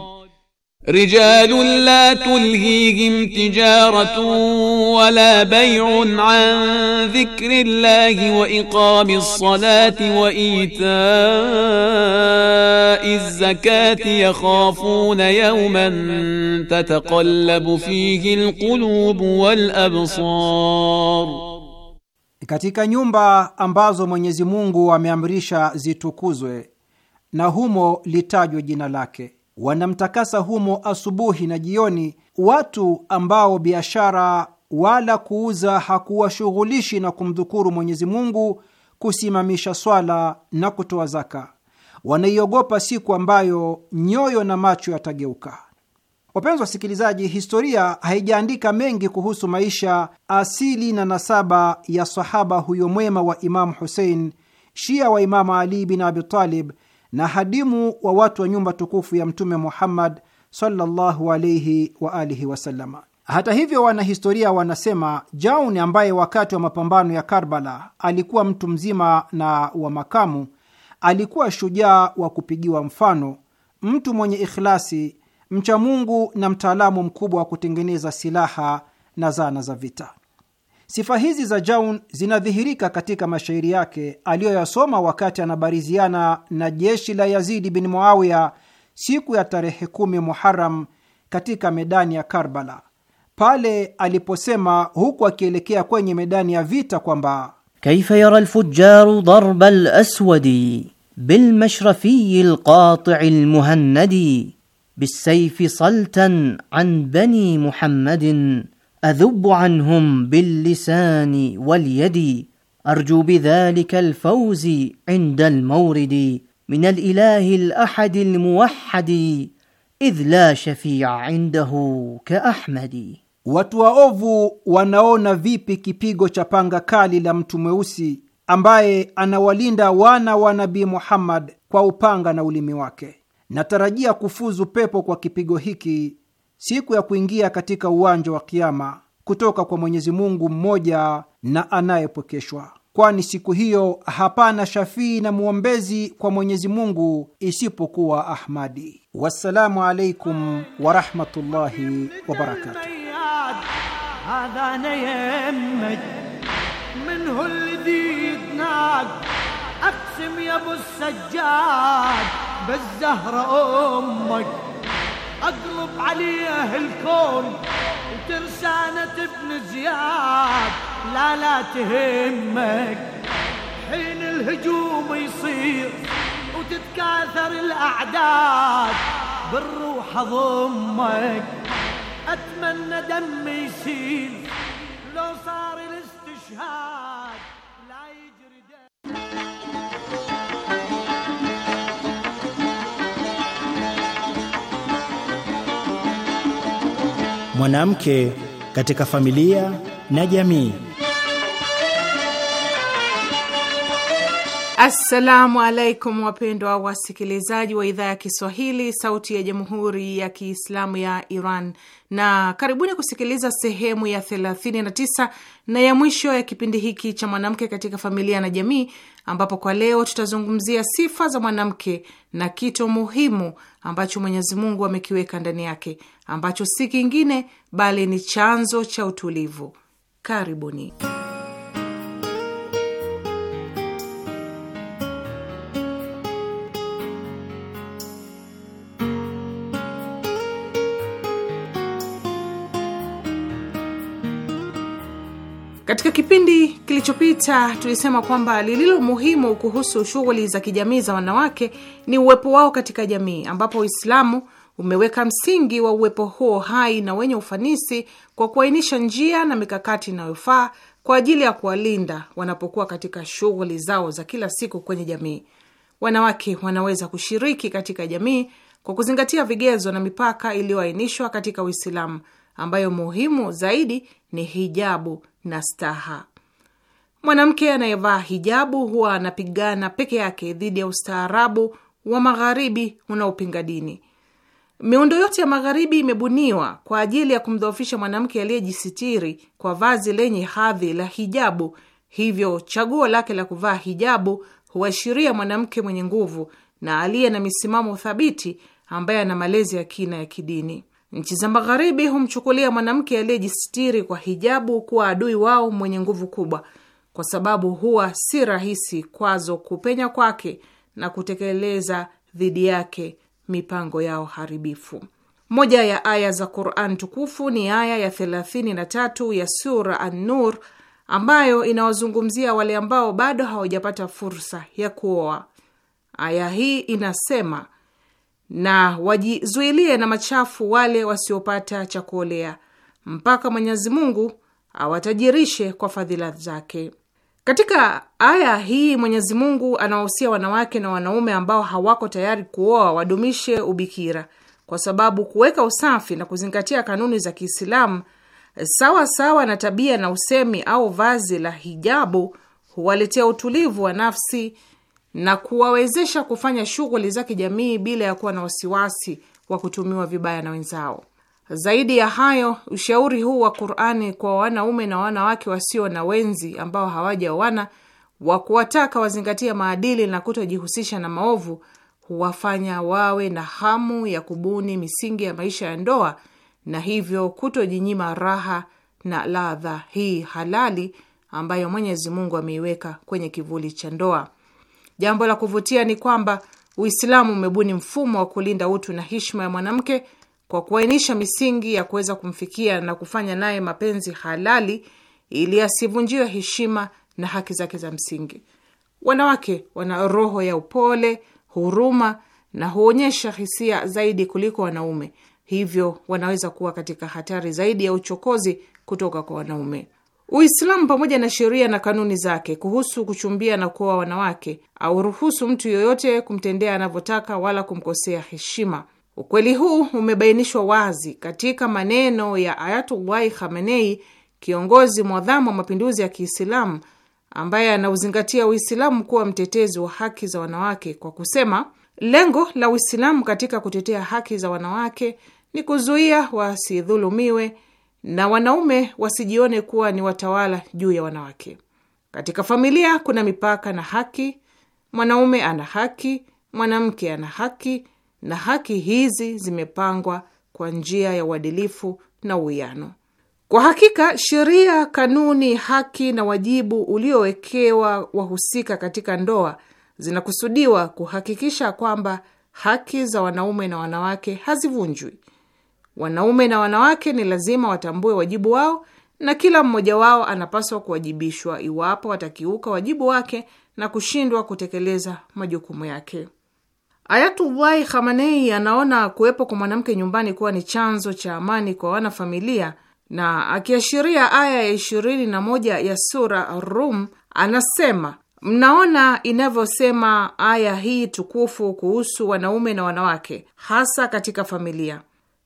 Speaker 2: rijalun la tulhihim tijaratun wala bay'un an dhikrillahi wa iqamis salati wa ita'iz zakati yakhafuna
Speaker 3: yawman tataqallabu fihi alqulubu katika nyumba ambazo Mwenyezi Mungu ameamrisha zitukuzwe na humo litajwe jina lake wanamtakasa humo asubuhi na jioni, watu ambao biashara wala kuuza hakuwashughulishi na kumdhukuru Mwenyezi Mungu, kusimamisha swala na kutoa zaka. Wanaiogopa siku ambayo nyoyo na macho yatageuka. Wapenzi wasikilizaji, historia haijaandika mengi kuhusu maisha, asili na nasaba ya sahaba huyo mwema wa Imamu Husein, shia wa Imamu Ali bin Abi Talib na hadimu wa watu wa nyumba tukufu ya Mtume Muhammad sallallahu alaihi wa alihi Hata hivyo, wanahistoria wanasema Jaun, ambaye wakati wa mapambano ya Karbala alikuwa mtu mzima na wa makamu, alikuwa shujaa wa kupigiwa mfano, mtu mwenye ikhlasi, mcha Mungu na mtaalamu mkubwa wa kutengeneza silaha na zana za vita. Sifa hizi za Jaun zinadhihirika katika mashairi yake aliyoyasoma wakati anabariziana na jeshi la Yazidi bin Muawiya siku ya tarehe kumi Muharam katika medani ya Karbala, pale aliposema huku akielekea kwenye medani ya vita kwamba kaifa yara lfujaru darba laswadi bilmashrafiyi lqatii lmuhannadi bisaifi saltan an bani muhammadin اذب عنهم باللسان واليد arju بذلك الفوز عند المورد من الاله الاحد الموحد idh la shafia indahu ka Watu waovu wanaona vipi kipigo cha panga kali la mtu mweusi ambaye anawalinda wana wa Nabii Muhammad kwa upanga na ulimi wake. Natarajia kufuzu pepo kwa kipigo hiki siku ya kuingia katika uwanja wa Kiama kutoka kwa Mwenyezi Mungu mmoja na anayepwekeshwa, kwani siku hiyo hapana shafii na mwombezi kwa Mwenyezi Mungu isipokuwa Ahmadi. Wassalamu alaikum warahmatullahi wabarakatuh.
Speaker 2: اقلب عليه الكون وترسانة ابن زياد لا لا تهمك حين الهجوم يصير وتتكاثر الاعداد بالروح
Speaker 4: اضمك اتمنى دمي يسيل لو صار الاستشهاد
Speaker 1: mwanamke katika familia na jamii.
Speaker 5: Assalamu alaikum, wapendwa wasikilizaji wa idhaa ya Kiswahili, Sauti ya Jamhuri ya Kiislamu ya Iran, na karibuni kusikiliza sehemu ya 39 na ya mwisho ya kipindi hiki cha mwanamke katika familia na jamii, ambapo kwa leo tutazungumzia sifa za mwanamke na kito muhimu ambacho Mwenyezi Mungu amekiweka ndani yake ambacho si kingine bali ni chanzo cha utulivu. Karibuni. Katika kipindi kilichopita tulisema kwamba lililo muhimu kuhusu shughuli za kijamii za wanawake ni uwepo wao katika jamii, ambapo Uislamu umeweka msingi wa uwepo huo hai na wenye ufanisi kwa kuainisha njia na mikakati inayofaa kwa ajili ya kuwalinda wanapokuwa katika shughuli zao za kila siku kwenye jamii. Wanawake wanaweza kushiriki katika jamii kwa kuzingatia vigezo na mipaka iliyoainishwa katika Uislamu, ambayo muhimu zaidi ni hijabu na staha. Mwanamke anayevaa hijabu huwa anapigana peke yake dhidi ya ustaarabu wa magharibi unaopinga dini. Miundo yote ya magharibi imebuniwa kwa ajili ya kumdhoofisha mwanamke aliyejisitiri kwa vazi lenye hadhi la hijabu. Hivyo chaguo lake la kuvaa hijabu huashiria mwanamke mwenye nguvu na aliye na misimamo thabiti ambaye ana malezi ya kina ya kidini. Nchi za Magharibi humchukulia mwanamke aliyejistiri kwa hijabu kuwa adui wao mwenye nguvu kubwa, kwa sababu huwa si rahisi kwazo kupenya kwake na kutekeleza dhidi yake mipango yao haribifu. Moja ya aya za Quran tukufu ni aya ya 33 ya sura An-Nur ambayo inawazungumzia wale ambao bado hawajapata fursa ya kuoa. Aya hii inasema na wajizuilie na machafu wale wasiopata cha kuolea mpaka Mwenyezi Mungu awatajirishe kwa fadhila zake. Katika aya hii Mwenyezi Mungu anawahusia wanawake na wanaume ambao hawako tayari kuoa wadumishe ubikira, kwa sababu kuweka usafi na kuzingatia kanuni za Kiislamu sawa sawa na tabia na usemi au vazi la hijabu huwaletea utulivu wa nafsi na kuwawezesha kufanya shughuli za kijamii bila ya kuwa na wasiwasi wa kutumiwa vibaya na wenzao. Zaidi ya hayo, ushauri huu wa Qur'ani kwa wanaume na wanawake wasio na wenzi ambao hawajaoana wa kuwataka wazingatia maadili na kutojihusisha na maovu huwafanya wawe na hamu ya kubuni misingi ya maisha ya ndoa na hivyo kutojinyima raha na ladha hii halali ambayo Mwenyezi Mungu ameiweka kwenye kivuli cha ndoa. Jambo la kuvutia ni kwamba Uislamu umebuni mfumo wa kulinda utu na heshima ya mwanamke kwa kuainisha misingi ya kuweza kumfikia na kufanya naye mapenzi halali ili asivunjiwe heshima na haki zake za msingi. Wanawake wana roho ya upole, huruma na huonyesha hisia zaidi kuliko wanaume, hivyo wanaweza kuwa katika hatari zaidi ya uchokozi kutoka kwa wanaume. Uislamu pamoja na sheria na kanuni zake kuhusu kuchumbia na kuoa wanawake auruhusu mtu yoyote kumtendea anavyotaka wala kumkosea heshima. Ukweli huu umebainishwa wazi katika maneno ya Ayatullahi Khamenei, kiongozi mwadhamu wa mapinduzi ya Kiislamu ambaye anauzingatia Uislamu kuwa mtetezi wa haki za wanawake kwa kusema, lengo la Uislamu katika kutetea haki za wanawake ni kuzuia wasidhulumiwe na wanaume wasijione kuwa ni watawala juu ya wanawake. Katika familia kuna mipaka na haki. Mwanaume ana haki, mwanamke ana haki, na haki hizi zimepangwa kwa njia ya uadilifu na uwiano. Kwa hakika, sheria, kanuni, haki na wajibu uliowekewa wahusika katika ndoa zinakusudiwa kuhakikisha kwamba haki za wanaume na wanawake hazivunjwi Wanaume na wanawake ni lazima watambue wajibu wao na kila mmoja wao anapaswa kuwajibishwa iwapo watakiuka wajibu wake na kushindwa kutekeleza majukumu yake. Ayatullahi Khamenei anaona kuwepo kwa mwanamke nyumbani kuwa ni chanzo cha amani kwa wanafamilia, na akiashiria aya ya ishirini na moja ya sura Rum anasema, mnaona inavyosema aya hii tukufu kuhusu wanaume na wanawake, hasa katika familia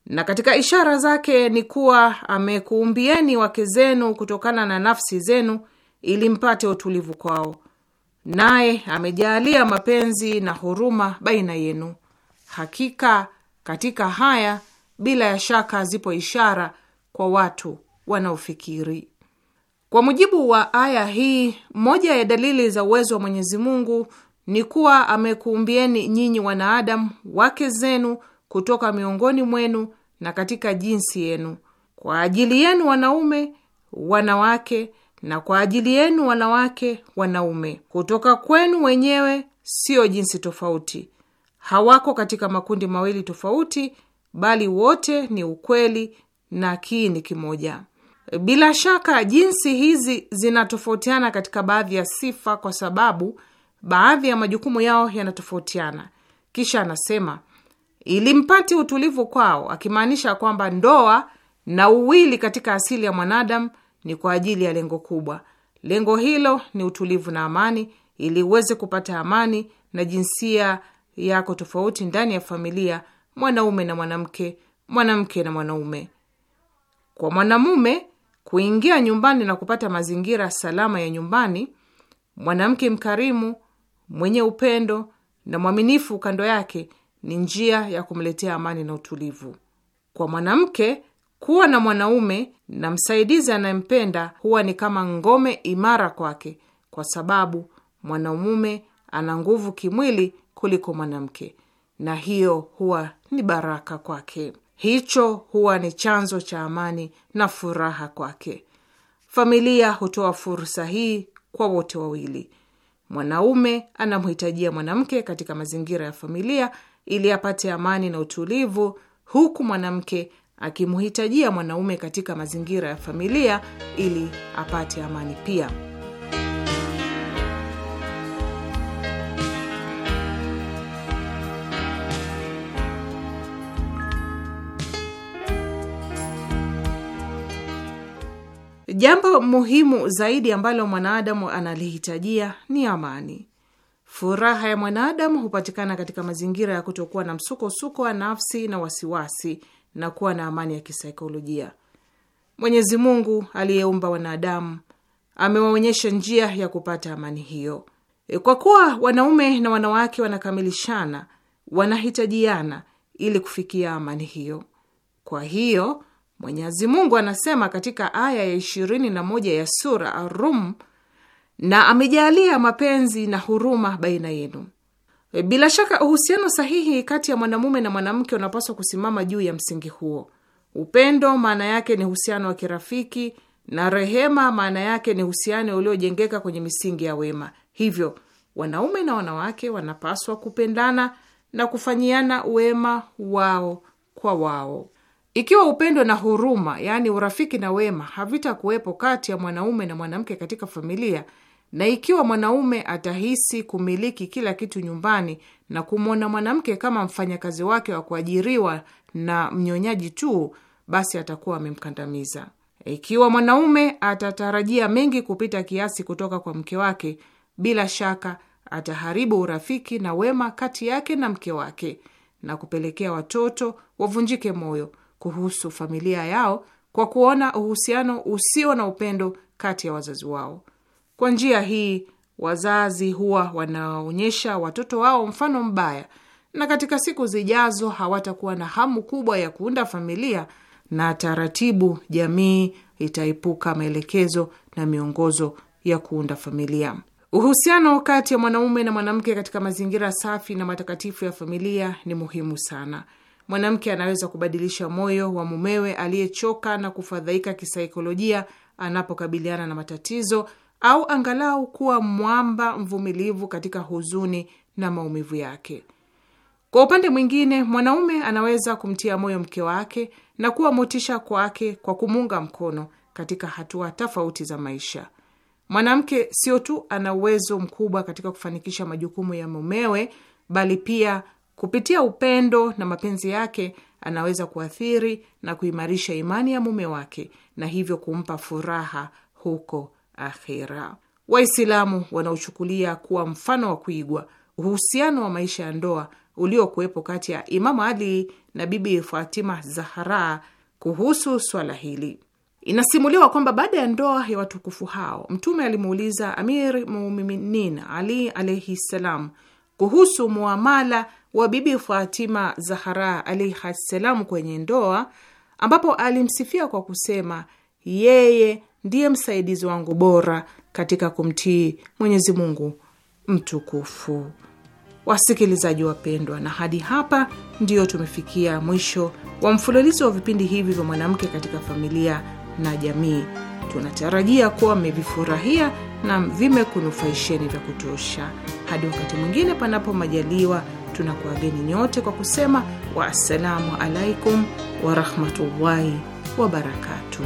Speaker 5: na katika ishara zake ni kuwa amekuumbieni wake zenu kutokana na nafsi zenu ili mpate utulivu kwao, naye amejaalia mapenzi na huruma baina yenu. Hakika katika haya bila ya shaka zipo ishara kwa watu wanaofikiri. Kwa mujibu wa aya hii, moja ya dalili za uwezo wa Mwenyezi Mungu ni kuwa amekuumbieni nyinyi wanaadamu wake zenu kutoka miongoni mwenu na katika jinsi yenu, kwa ajili yenu wanaume wanawake, na kwa ajili yenu wanawake wanaume, kutoka kwenu wenyewe, siyo jinsi tofauti. Hawako katika makundi mawili tofauti, bali wote ni ukweli na kiini kimoja. Bila shaka jinsi hizi zinatofautiana katika baadhi ya sifa, kwa sababu baadhi ya majukumu yao yanatofautiana. Kisha anasema ilimpati utulivu kwao, akimaanisha kwamba ndoa na uwili katika asili ya mwanadamu ni kwa ajili ya lengo kubwa. Lengo hilo ni utulivu na amani, ili uweze kupata amani na jinsia yako tofauti ndani ya familia, mwanaume na mwanamke, mwanamke na mwanaume. Kwa mwanamume kuingia nyumbani na kupata mazingira salama ya nyumbani, mwanamke mkarimu, mwenye upendo na mwaminifu kando yake ni njia ya kumletea amani na utulivu. Kwa mwanamke, kuwa na mwanaume na msaidizi anayempenda huwa ni kama ngome imara kwake, kwa sababu mwanamume ana nguvu kimwili kuliko mwanamke, na hiyo huwa ni baraka kwake. Hicho huwa ni chanzo cha amani na furaha kwake. Familia hutoa fursa hii kwa wote wawili. Mwanaume anamhitajia mwanamke katika mazingira ya familia ili apate amani na utulivu, huku mwanamke akimhitajia mwanaume katika mazingira ya familia ili apate amani pia. Jambo muhimu zaidi ambalo mwanadamu analihitajia ni amani. Furaha ya mwanadamu hupatikana katika mazingira ya kutokuwa na msukosuko wa nafsi na wasiwasi na kuwa na amani ya kisaikolojia. Mwenyezi Mungu aliyeumba wanadamu amewaonyesha njia ya kupata amani hiyo. E, kwa kuwa wanaume na wanawake wanakamilishana, wanahitajiana ili kufikia amani hiyo. Kwa hiyo Mwenyezi Mungu anasema katika aya ya ishirini na moja ya sura Arum na amejaalia mapenzi na huruma baina yenu. Bila shaka uhusiano sahihi kati ya mwanamume na mwanamke unapaswa kusimama juu ya msingi huo. Upendo maana yake ni uhusiano wa kirafiki, na rehema maana yake ni uhusiano uliojengeka kwenye misingi ya wema. Hivyo wanaume na wanawake wanapaswa kupendana na kufanyiana wema wao kwa wao. Ikiwa upendo na huruma, yaani urafiki na wema, havitakuwepo kati ya mwanaume na mwanamke katika familia na ikiwa mwanaume atahisi kumiliki kila kitu nyumbani na kumwona mwanamke kama mfanyakazi wake wa kuajiriwa na mnyonyaji tu, basi atakuwa amemkandamiza. Ikiwa mwanaume atatarajia mengi kupita kiasi kutoka kwa mke wake, bila shaka ataharibu urafiki na wema kati yake na mke wake na kupelekea watoto wavunjike moyo kuhusu familia yao kwa kuona uhusiano usio na upendo kati ya wazazi wao. Kwa njia hii wazazi huwa wanaonyesha watoto wao mfano mbaya, na katika siku zijazo hawatakuwa na hamu kubwa ya kuunda familia, na taratibu jamii itaepuka maelekezo na miongozo ya kuunda familia. Uhusiano kati ya mwanaume na mwanamke katika mazingira safi na matakatifu ya familia ni muhimu sana. Mwanamke anaweza kubadilisha moyo wa mumewe aliyechoka na kufadhaika kisaikolojia anapokabiliana na matatizo au angalau kuwa mwamba mvumilivu katika huzuni na maumivu yake. Kwa upande mwingine, mwanaume anaweza kumtia moyo mke wake na kuwa motisha kwake kwa kumunga mkono katika hatua tofauti za maisha. Mwanamke sio tu ana uwezo mkubwa katika kufanikisha majukumu ya mumewe, bali pia kupitia upendo na mapenzi yake anaweza kuathiri na kuimarisha imani ya mume wake na hivyo kumpa furaha huko akhira. Waislamu wanaochukulia kuwa mfano wa kuigwa uhusiano wa maisha ya ndoa uliokuwepo kati ya Imamu Ali na Bibi Fatima Zahara. Kuhusu swala hili, inasimuliwa kwamba baada ya ndoa ya watukufu hao, Mtume alimuuliza Amir Muminin Ali alaihi ssalam kuhusu muamala wa Bibi Fatima Zahara alaihi ssalam kwenye ndoa, ambapo alimsifia kwa kusema yeye ndiye msaidizi wangu bora katika kumtii Mwenyezi Mungu mtukufu. Wasikilizaji wapendwa, na hadi hapa ndiyo tumefikia mwisho wa mfululizo wa vipindi hivi vya mwanamke katika familia na jamii. Tunatarajia kuwa mmevifurahia na vimekunufaisheni vya kutosha. Hadi wakati mwingine, panapo majaliwa, tunakuageni nyote kwa kusema waassalamu alaikum warahmatullahi wabarakatuh.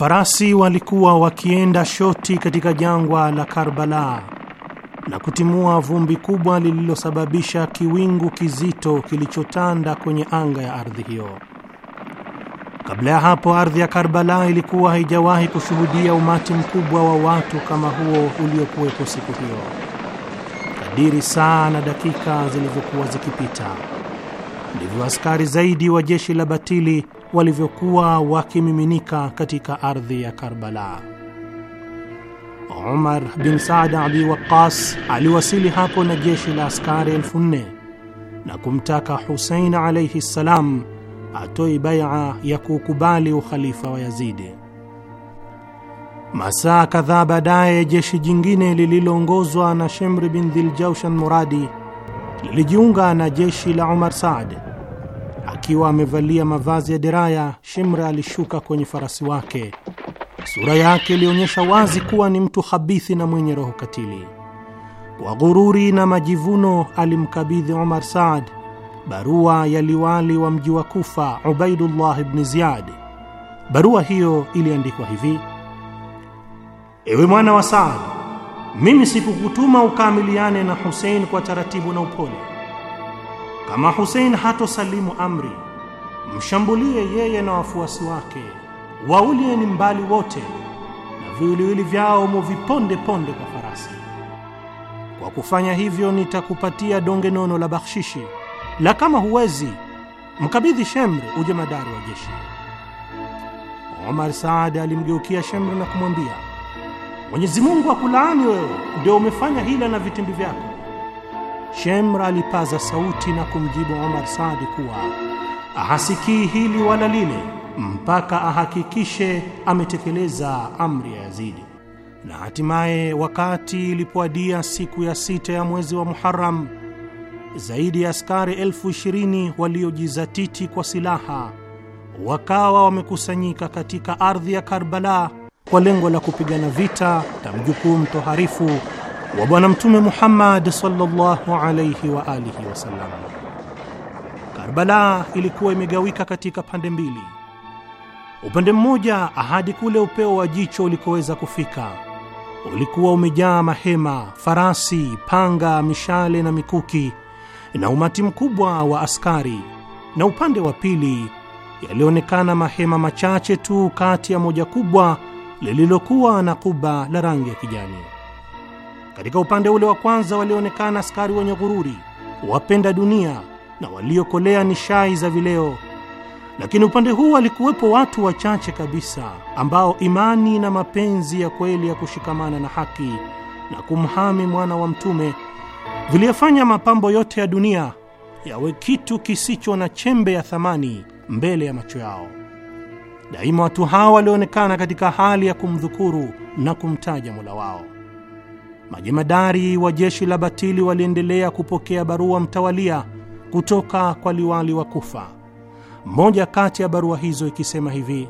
Speaker 1: Farasi walikuwa wakienda shoti katika jangwa la Karbala na kutimua vumbi kubwa lililosababisha kiwingu kizito kilichotanda kwenye anga ya ardhi hiyo. Kabla ya hapo, ardhi ya Karbala ilikuwa haijawahi kushuhudia umati mkubwa wa watu kama huo uliokuwepo siku hiyo. Kadiri saa na dakika zilivyokuwa zikipita, ndivyo askari zaidi wa jeshi la batili walivyokuwa wakimiminika katika ardhi ya Karbala. Umar bin Saad Abi Waqas aliwasili hapo na jeshi la askari elfu nne na kumtaka Husein alaihi ssalam atoe baia ya kuukubali ukhalifa wa Yazidi. Masaa kadhaa baadaye, jeshi jingine lililoongozwa na Shemri bin dhiljaushan Muradi lilijiunga na jeshi la Umar Saad Akiwa amevalia mavazi ya deraya, Shimra alishuka kwenye farasi wake. Sura yake ilionyesha wazi kuwa ni mtu habithi na mwenye roho katili. Kwa ghururi na majivuno, alimkabidhi Omar Saad barua ya liwali wa mji wa Kufa, Ubaidullah bni Ziyad. Barua hiyo iliandikwa hivi: Ewe mwana wa Saad, mimi sikukutuma ukaamiliane na Husein kwa taratibu na upole kama Hussein hatosalimu amri, mshambulie yeye na wafuasi wake, waulieni mbali wote na viwiliwili vyao muviponde ponde kwa farasi. Kwa kufanya hivyo, nitakupatia donge nono la bakhshishi, la kama huwezi mkabidhi Shemri uje madari wa jeshi. Omar Saad alimgeukia Shemri na kumwambia, Mwenyezi Mungu akulaani wewe, ndio umefanya hila na vitimbi vyako. Shemr alipaza sauti na kumjibu Omar Saadi kuwa hasikii hili wala lile mpaka ahakikishe ametekeleza amri ya Yazidi. Na hatimaye wakati ilipoadia siku ya sita ya mwezi wa Muharram, zaidi ya askari elfu ishirini waliojizatiti kwa silaha wakawa wamekusanyika katika ardhi ya Karbala kwa lengo la kupigana vita na mjukuu mtoharifu wa Bwana Mtume Muhammad sallallahu alayhi wa alihi wasallam. Karbala ilikuwa imegawika katika pande mbili, upande mmoja ahadi kule upeo wa jicho ulikoweza kufika ulikuwa umejaa mahema, farasi, panga, mishale na mikuki na umati mkubwa wa askari, na upande wa pili yalionekana mahema machache tu kati ya moja kubwa lililokuwa na kuba la rangi ya kijani. Katika upande ule wa kwanza walionekana askari wenye ghururi, wapenda dunia na waliokolea nishai za vileo, lakini upande huu walikuwepo watu wachache kabisa ambao imani na mapenzi ya kweli ya kushikamana na haki na kumhami mwana wa mtume viliyafanya mapambo yote ya dunia yawe kitu kisicho na chembe ya thamani mbele ya macho yao. Daima watu hawa walionekana katika hali ya kumdhukuru na kumtaja Mola wao majemadari wa jeshi la batili waliendelea kupokea barua mtawalia kutoka kwa liwali wa Kufa. Moja kati ya barua hizo ikisema hivi: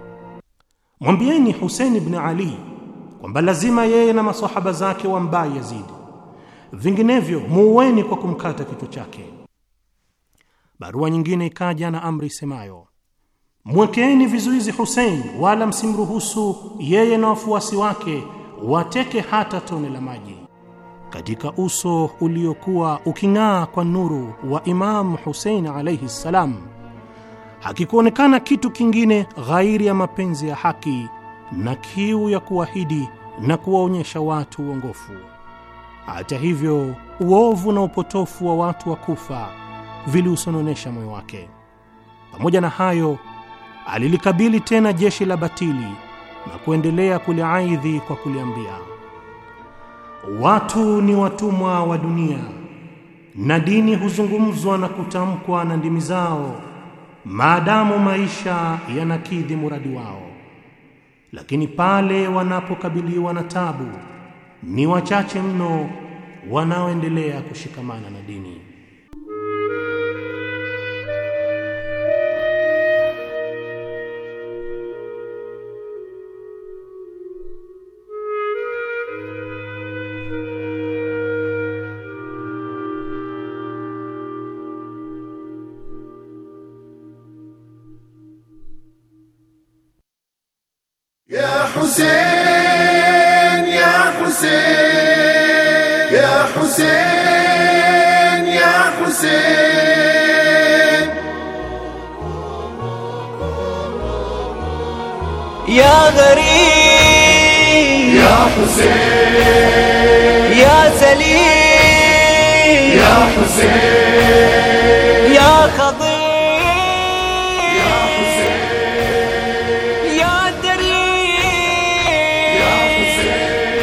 Speaker 1: mwambieni Husein bni Ali kwamba lazima yeye na masahaba zake wambai Yazidi, vinginevyo muuweni kwa kumkata kichwa chake. Barua nyingine ikaja na amri isemayo Mwekeeni vizuizi Husein, wala msimruhusu yeye na wafuasi wake wateke hata tone la maji katika uso uliokuwa uking'aa kwa nuru wa Imamu Husein alaihi ssalam, hakikuonekana kitu kingine ghairi ya mapenzi ya haki na kiu ya kuahidi na kuwaonyesha watu uongofu. Hata hivyo, uovu na upotofu wa watu wa Kufa viliusononesha moyo wake. Pamoja na hayo, alilikabili tena jeshi la batili na kuendelea kuliaidhi kwa kuliambia Watu ni watumwa wa dunia na dini huzungumzwa na kutamkwa na ndimi zao maadamu maisha yanakidhi muradi wao, lakini pale wanapokabiliwa na tabu, ni wachache mno wanaoendelea kushikamana na dini.
Speaker 4: حسين يا سليم يا حسين يا خضير يا حسين يا يا حسين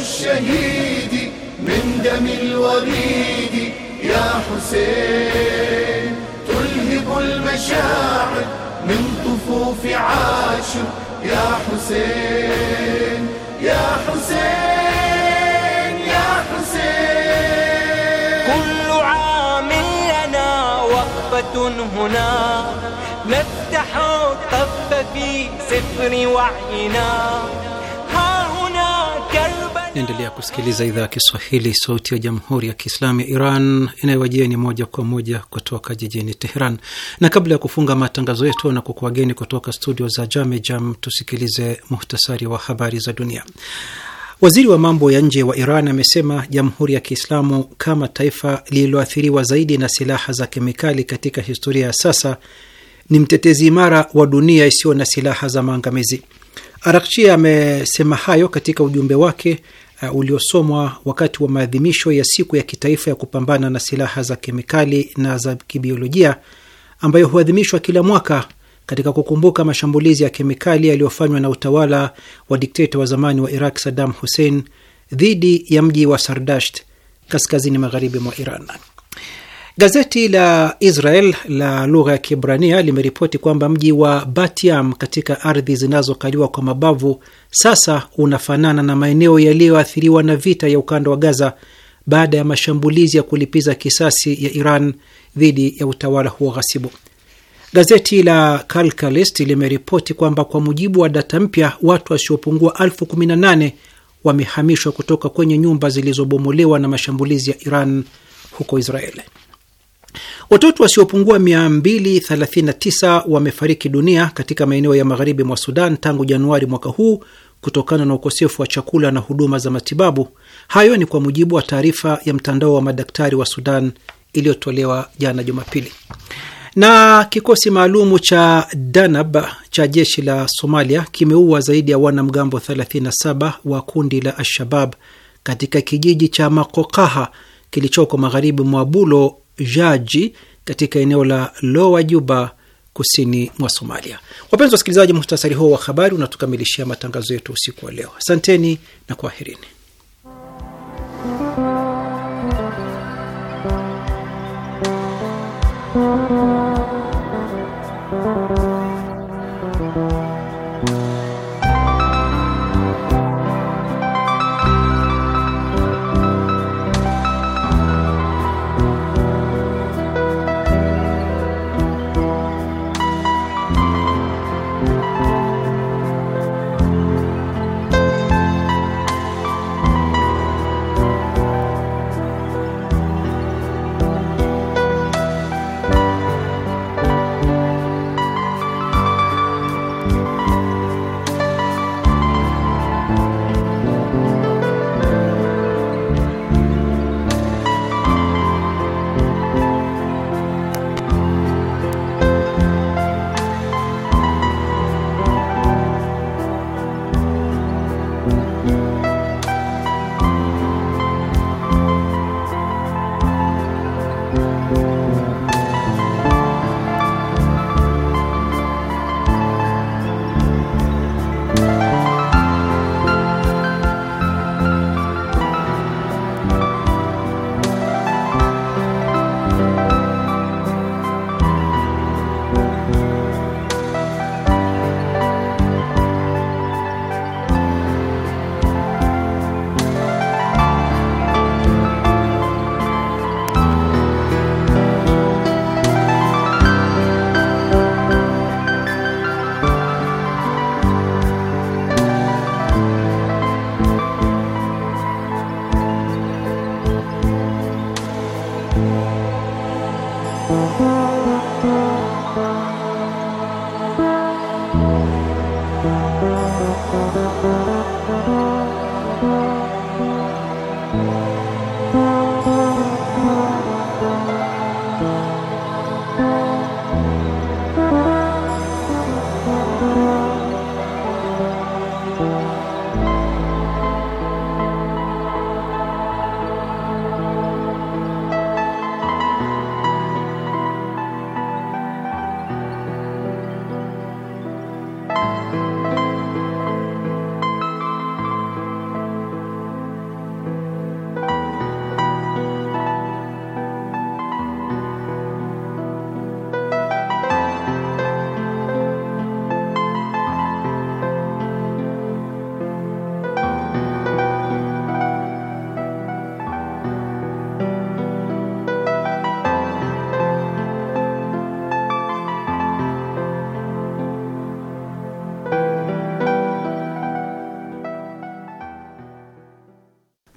Speaker 4: الشهيد من دم الوريد يا حسين تلهب المشاعر من طفوف عاشق يا حسين يا حسين يا حسين كل عام لنا وقفة
Speaker 3: هنا نفتح الطف في سفر وعينا Naendelea kusikiliza idhaa ya Kiswahili, sauti ya jamhuri ya kiislamu ya Iran inayowajia ni moja kwa moja kutoka jijini Teheran. Na kabla ya kufunga matangazo yetu na kukuwageni kutoka studio za Jamejam, tusikilize muhtasari wa habari za dunia. Waziri wa mambo ya nje wa Iran amesema jamhuri ya Kiislamu kama taifa lililoathiriwa zaidi na silaha za kemikali katika historia ya sasa ni mtetezi imara wa dunia isiyo na silaha za maangamizi. Arakchi amesema hayo katika ujumbe wake uh, uliosomwa wakati wa maadhimisho ya siku ya kitaifa ya kupambana na silaha za kemikali na za kibiolojia ambayo huadhimishwa kila mwaka katika kukumbuka mashambulizi ya kemikali yaliyofanywa na utawala wa dikteta wa zamani wa Iraq Saddam Hussein dhidi ya mji wa Sardasht kaskazini magharibi mwa Iran. Gazeti la Israel la lugha ya kibrania limeripoti kwamba mji wa Batiam katika ardhi zinazokaliwa kwa mabavu sasa unafanana na maeneo yaliyoathiriwa na vita ya ukanda wa Gaza baada ya mashambulizi ya kulipiza kisasi ya Iran dhidi ya utawala huo ghasibu. Gazeti la Kalkalist limeripoti kwamba kwa mujibu wa data mpya, watu wasiopungua elfu kumi na nane wamehamishwa kutoka kwenye nyumba zilizobomolewa na mashambulizi ya Iran huko Israeli. Watoto wasiopungua 239 wamefariki dunia katika maeneo ya magharibi mwa Sudan tangu Januari mwaka huu kutokana na ukosefu wa chakula na huduma za matibabu. Hayo ni kwa mujibu wa taarifa ya mtandao wa madaktari wa Sudan iliyotolewa jana Jumapili. Na kikosi maalumu cha Danab cha jeshi la Somalia kimeua zaidi ya wanamgambo 37 wa kundi la Alshabab katika kijiji cha Makokaha kilichoko magharibi mwa Bulo Jaji katika eneo la Lowa Juba kusini mwa Somalia. Wapenzi wasikilizaji, muhtasari huo wa habari unatukamilishia matangazo yetu usiku wa leo. Asanteni na kwaherini.